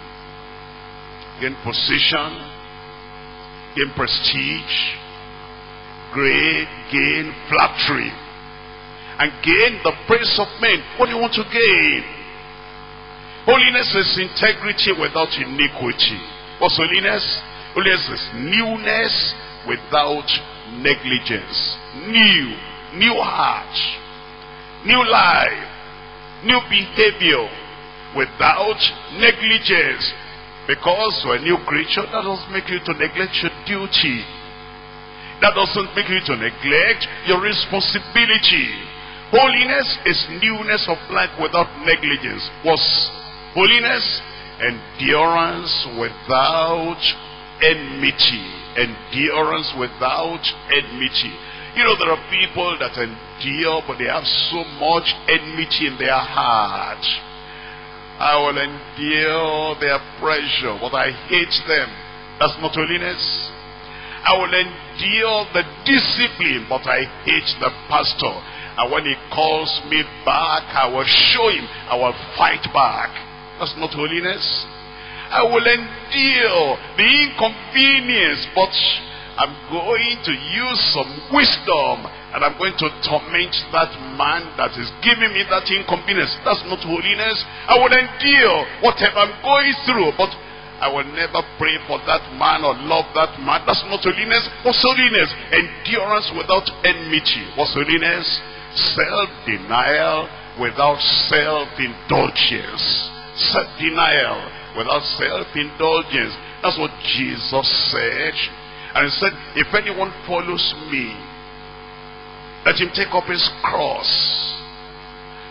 gain position, gain prestige, great gain flattery and gain the praise of men. What do you want to gain? Holiness is integrity without iniquity. What's holiness? Holiness is newness without negligence. New, new heart, new life, new behavior without negligence. Because you're a new creature, that doesn't make you to neglect your duty. That doesn't make you to neglect your responsibility. Holiness is newness of life without negligence. Was holiness? Endurance without enmity. Endurance without enmity. You know, there are people that endure, but they have so much enmity in their heart. I will endure their pressure, but I hate them. That's not holiness. I will endure the discipline, but I hate the pastor. And when he calls me back, I will show him, I will fight back. That's not holiness. I will endure the inconvenience, but I'm going to use some wisdom and I'm going to torment that man that is giving me that inconvenience. That's not holiness. I will endure whatever I'm going through, but I will never pray for that man or love that man. That's not holiness. What's holiness? Endurance without enmity. What's holiness? Self-denial without self-indulgence. Self-denial without self-indulgence. That's what Jesus said. And he said, if anyone follows me, let him take up his cross,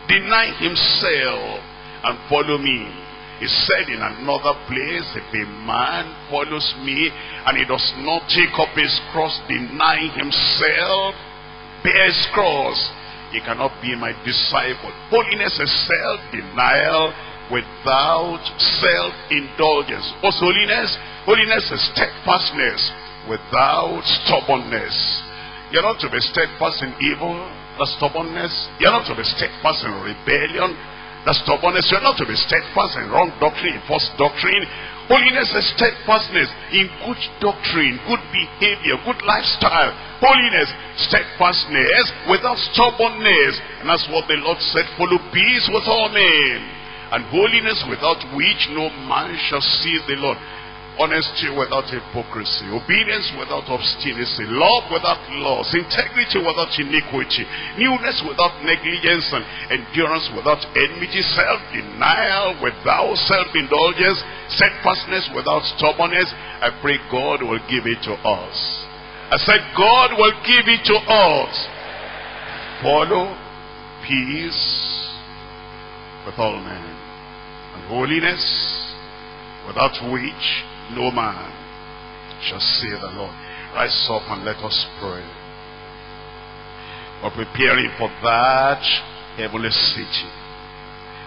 deny himself, and follow me. He said in another place, if a man follows me and he does not take up his cross, deny himself, bear his cross, he cannot be my disciple. Holiness is self-denial without self-indulgence. What's holiness? Holiness is steadfastness without stubbornness. You're not to be steadfast in evil, that's stubbornness. You're not to be steadfast in rebellion, the stubbornness, you're not to be steadfast in wrong doctrine, in false doctrine. Holiness is steadfastness in good doctrine, good behavior, good lifestyle. Holiness, steadfastness without stubbornness. And that's what the Lord said, follow peace with all men. And holiness without which no man shall see the Lord. Honesty without hypocrisy, obedience without obstinacy, love without loss, integrity without iniquity, newness without negligence, and endurance without enmity, self-denial without self-indulgence, steadfastness without stubbornness. I pray God will give it to us. I said God will give it to us. Follow peace with all men and holiness without which no man shall save the Lord. Rise up and let us pray. We're preparing for that heavenly city.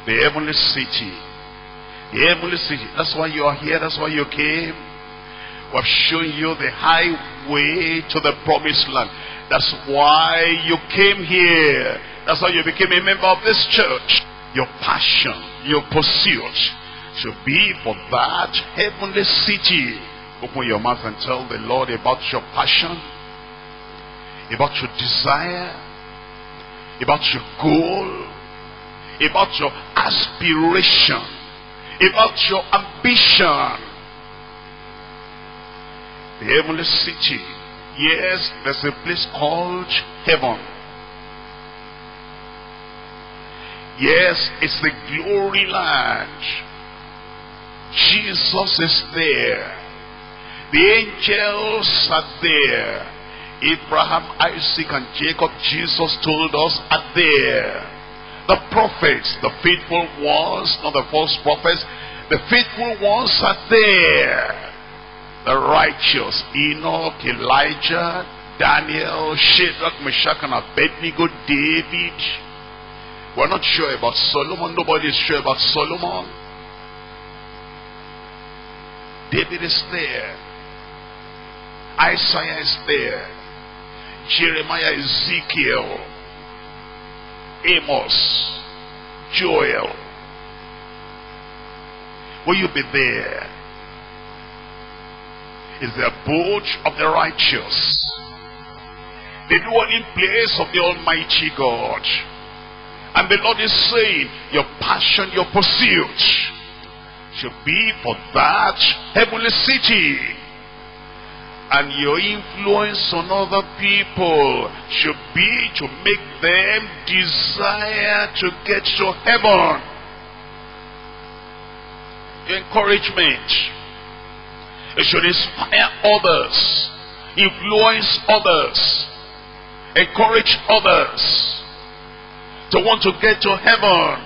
The heavenly city. The heavenly city. That's why you are here. That's why you came. We've shown you the highway to the promised land. That's why you came here. That's why you became a member of this church. Your passion, your pursuit, should be for that heavenly city. Open your mouth and tell the Lord about your passion, about your desire, about your goal, about your aspiration, about your ambition. The heavenly city. Yes, there's a place called heaven. Yes, it's the glory land. Jesus is there. The angels are there. Abraham, Isaac, and Jacob, Jesus told us, are there. The prophets, the faithful ones, not the false prophets, the faithful ones are there. The righteous, Enoch, Elijah, Daniel, Shadrach, Meshach, and Abednego, David. We're not sure about Solomon. Nobody is sure about Solomon. David is there. Isaiah is there. Jeremiah, Ezekiel, Amos, Joel. Will you be there? Is the abode of the righteous. The dwelling place of the Almighty God. And the Lord is saying, your passion, your pursuit should be for that heavenly city. And your influence on other people should be to make them desire to get to heaven. encouragement. It should inspire others, influence others, encourage others to want to get to heaven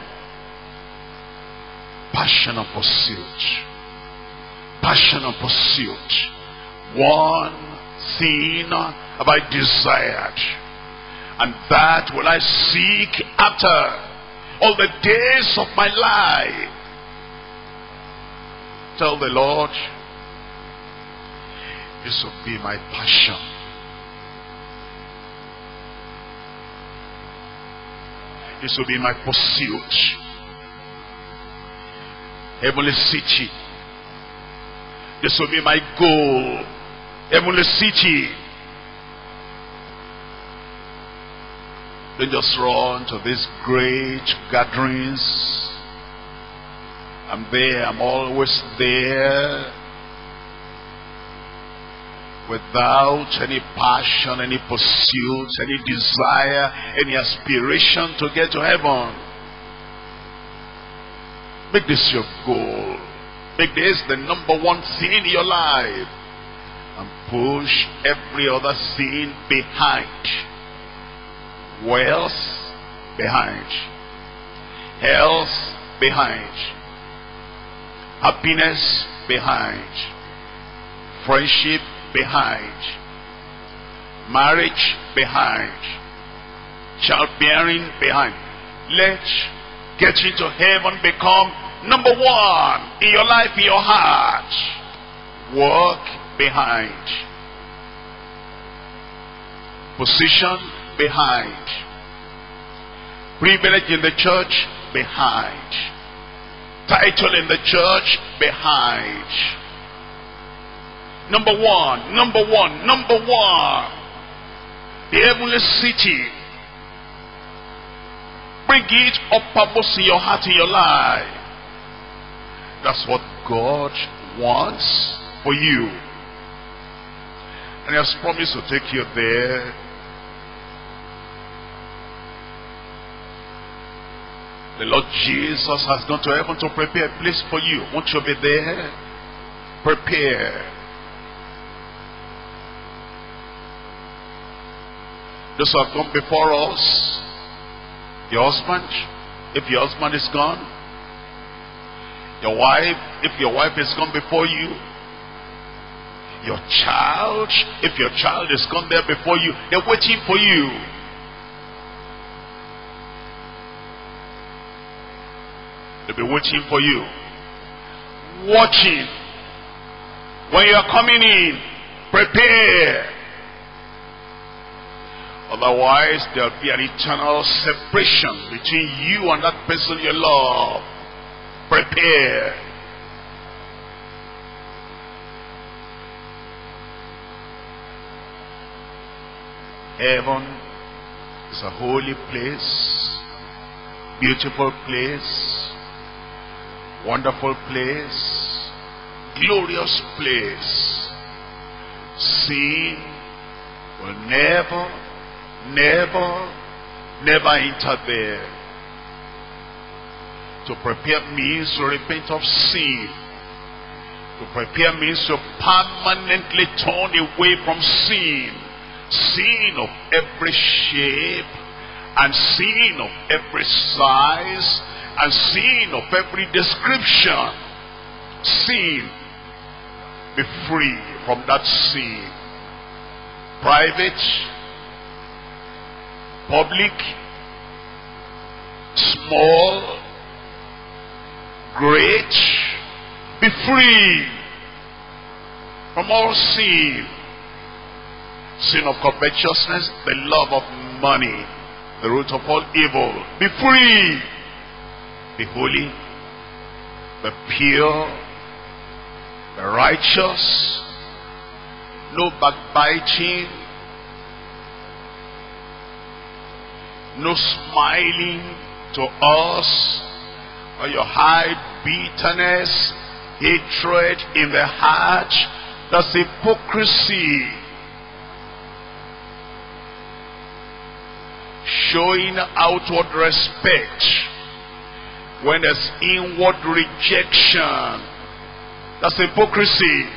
Passion of pursuit. Passion of pursuit. One thing have I desired. And that will I seek after all the days of my life. Tell the Lord, this will be my passion. This will be my pursuit heavenly city. This will be my goal, heavenly city. Don't just run to these great gatherings. I'm there, I'm always there. Without any passion, any pursuit, any desire, any aspiration to get to heaven. Make this your goal. Make this the number one sin in your life. And push every other sin behind. Wealth behind. Health behind. Happiness behind. Friendship behind. Marriage behind. Childbearing behind. Let get you to heaven, become number one in your life, in your heart. Walk behind. Position behind. Privilege in the church behind. Title in the church behind. Number one, number one, number one. The heavenly city Bring it uppermost in your heart, in your life. That's what God wants for you. And He has promised to take you there. The Lord Jesus has gone to heaven to prepare a place for you. Won't you be there? Prepare. Those who have gone before us your husband, if your husband is gone. Your wife, if your wife is gone before you. Your child, if your child is gone there before you. They're waiting for you. They'll be waiting for you. Watching. When you are coming in, prepare. Otherwise, there'll be an eternal separation between you and that person you love. Prepare. Heaven is a holy place, beautiful place, wonderful place, glorious place. Sin will never never, never enter there. To prepare means to repent of sin. To prepare means to permanently turn away from sin. Sin of every shape and sin of every size and sin of every description. Sin. Be free from that sin. Private public, small, great, be free from all sin. Sin of covetousness, the love of money, the root of all evil. Be free. Be holy. Be pure. Be righteous. No backbiting no smiling to us, or you hide bitterness, hatred in the heart. That's hypocrisy. Showing outward respect when there's inward rejection. That's hypocrisy.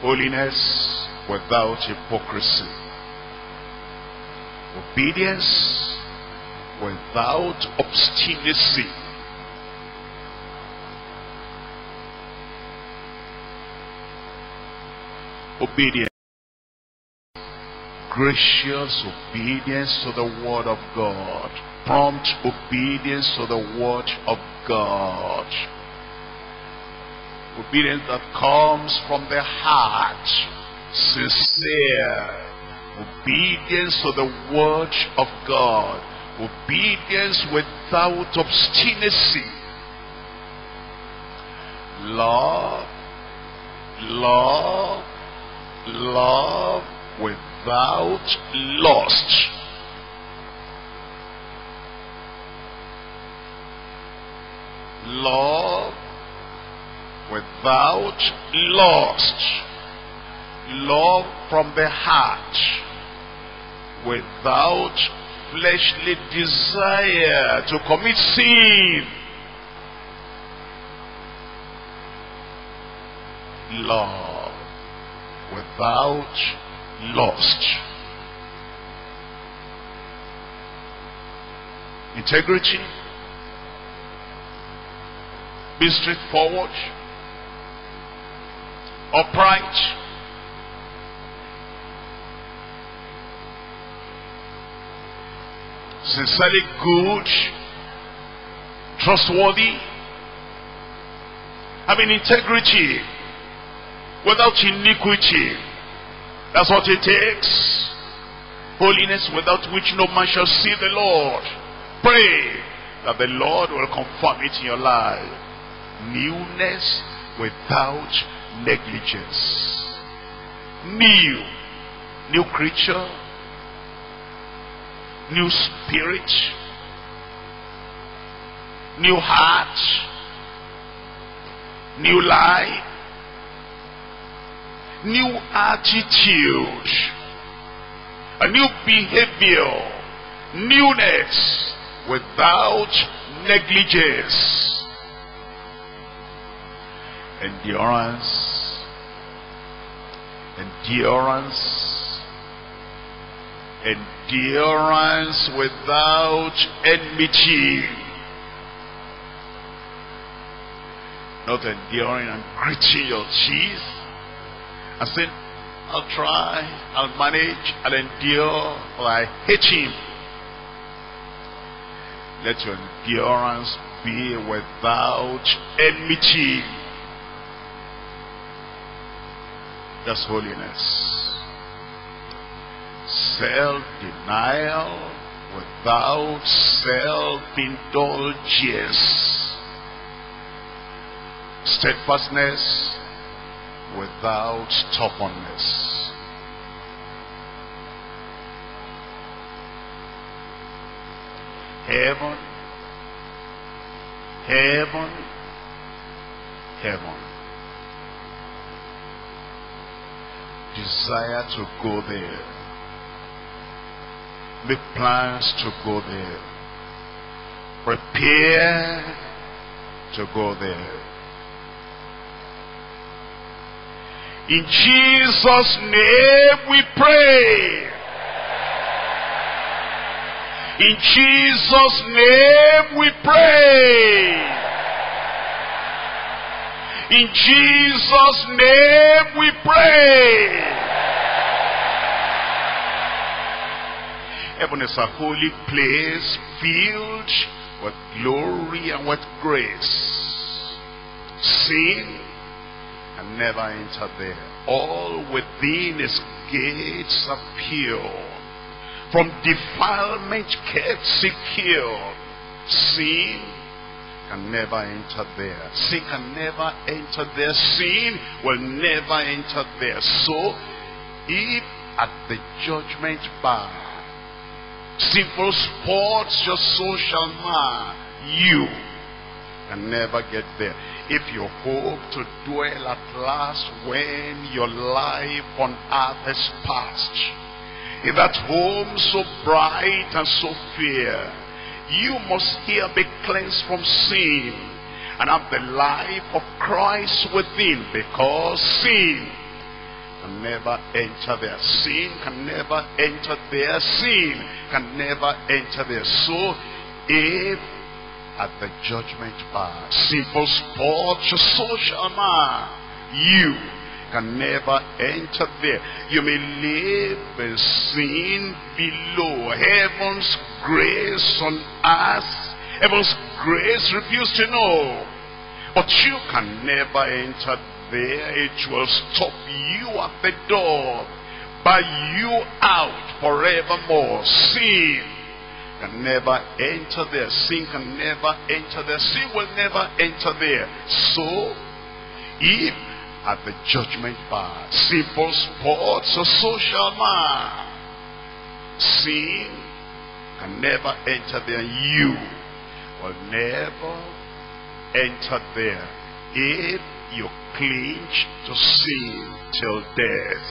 Holiness without hypocrisy. Obedience without obstinacy. Obedience. Gracious obedience to the word of God. Prompt obedience to the word of God. Obedience that comes from the heart. Sincere Obedience to the word of God. Obedience without obstinacy. Love, love, love without lust. Love without lust. Love from the heart without fleshly desire to commit sin. Love without lust. Integrity. Be straightforward. Upright sincerely good, trustworthy, having integrity, without iniquity. That's what it takes. Holiness without which no man shall see the Lord. Pray that the Lord will confirm it in your life. Newness without negligence. New. New creature new spirit, new heart, new life, new attitude, a new behavior, newness without negligence, endurance, endurance endurance without enmity. Not enduring and gritting your teeth and saying, I'll try, I'll manage, I'll endure, or I hate him. Let your endurance be without enmity. That's holiness self-denial, without self-indulgence. Steadfastness without stubbornness. heaven, heaven, heaven. Desire to go there. Make plans to go there. Prepare to go there. In Jesus' name we pray. In Jesus' name we pray. In Jesus' name we pray. heaven is a holy place filled with glory and with grace. Sin can never enter there. All within its gates are pure. From defilement kept secure. Sin can never enter there. Sin can never enter there. Sin will never enter there. So, if at the judgment bar Simple sports, your soul shall mar you and never get there. If you hope to dwell at last when your life on earth has past, in that home so bright and so fair, you must here be cleansed from sin and have the life of Christ within because sin can never enter their sin, can never enter their sin, can never enter their soul if at the judgment bar, simple sport, social man, you can never enter there. You may live in sin below heaven's grace on us. Heaven's grace refused to know. But you can never enter there, it will stop you at the door, buy you out forevermore. Sin can never enter there. Sin can never enter there. Sin will never enter there. So, if at the judgment bar, simple sports, a social man, sin can never enter there. You will never enter there. If you clinch to sin till death.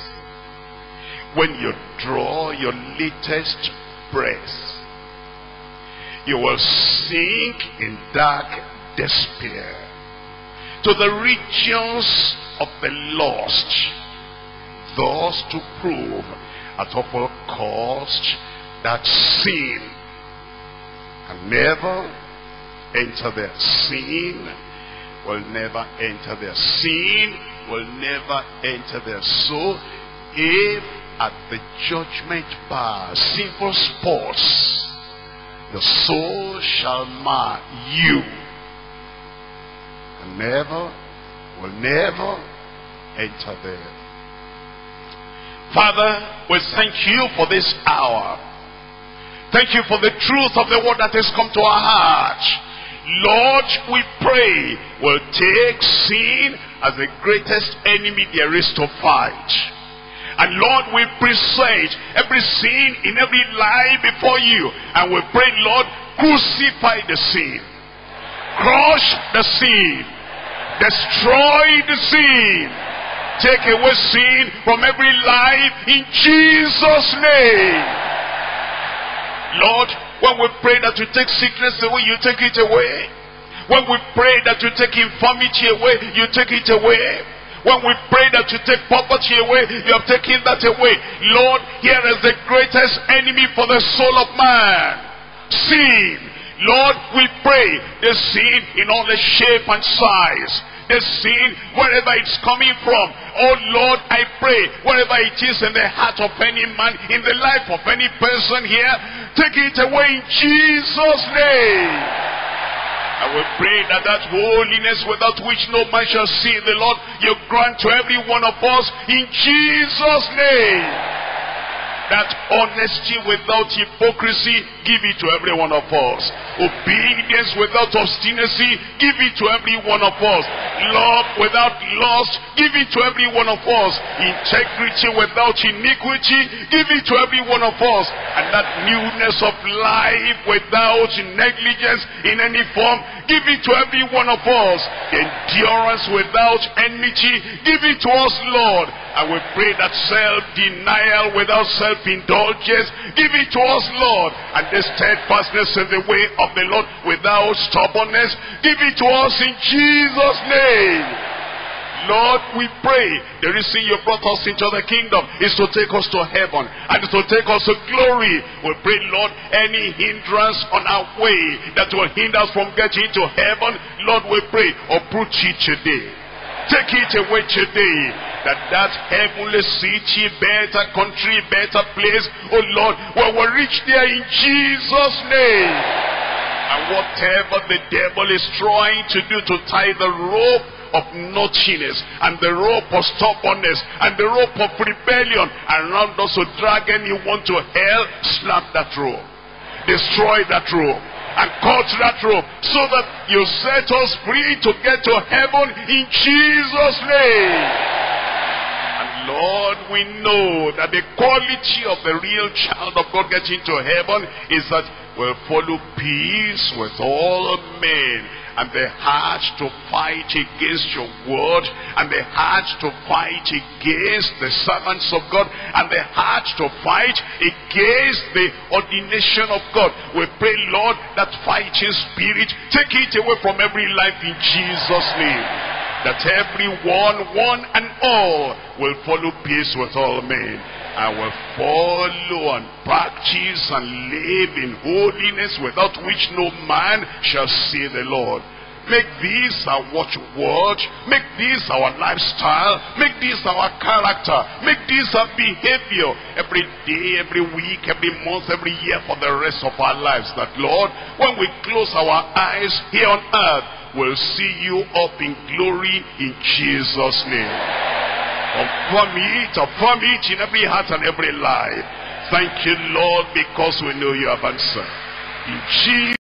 When you draw your latest breath, you will sink in dark despair to the regions of the lost, thus to prove at all cost that sin can never enter the sin will never enter there. Sin will never enter there. So if at the judgment bar, simple sports, the soul shall mar you, and never, will never enter there. Father, we thank you for this hour. Thank you for the truth of the word that has come to our heart. Lord, we pray, will take sin as the greatest enemy there is to fight. And Lord, we presage every sin in every lie before you. And we pray, Lord, crucify the sin. Crush the sin. Destroy the sin. Take away sin from every life in Jesus' name. Lord, when we pray that you take sickness away, you take it away. When we pray that you take infirmity away, you take it away. When we pray that you take poverty away, you have taken that away. Lord, here is the greatest enemy for the soul of man. Sin. Lord, we pray the sin in all the shape and size this sin, wherever it's coming from. Oh Lord, I pray, wherever it is in the heart of any man, in the life of any person here, take it away in Jesus' name. I will pray that that holiness without which no man shall see the Lord, you grant to every one of us in Jesus' name. That honesty without hypocrisy, give it to every one of us. Obedience without obstinacy, give it to every one of us. Love without lust, give it to every one of us. Integrity without iniquity, give it to every one of us. And that newness of life without negligence in any form, give it to every one of us. Endurance without enmity, give it to us, Lord. And we pray that self-denial without self self-indulgence. Give it to us, Lord. And the steadfastness in the way of the Lord without stubbornness. Give it to us in Jesus' name. Lord, we pray the reason you brought us into the kingdom is to take us to heaven and to take us to glory. We pray, Lord, any hindrance on our way that will hinder us from getting to heaven, Lord, we pray, uproot it today. Take it away today. That that heavenly city, better country, better place, oh Lord, we will reach there in Jesus' name. And whatever the devil is trying to do to tie the rope of naughtiness and the rope of stubbornness and the rope of rebellion around us to drag anyone to hell, slap that rope. Destroy that rope and cut that rope so that you set us free to get to heaven in Jesus' name. And Lord, we know that the quality of the real child of God getting to heaven is that we'll follow peace with all men and the heart to fight against your word and the heart to fight against the servants of God and the heart to fight against the ordination of God. We pray, Lord, that fighting spirit, take it away from every life in Jesus' name. That everyone, one and all, will follow peace with all men. I will follow and practice and live in holiness without which no man shall see the Lord. Make this our watchword. Make this our lifestyle. Make this our character. Make this our behavior. Every day, every week, every month, every year for the rest of our lives. That Lord, when we close our eyes here on earth, we'll see you up in glory in Jesus' name. Upon it, upon it in every heart and every life. Thank you, Lord, because we know you have answered. In Jesus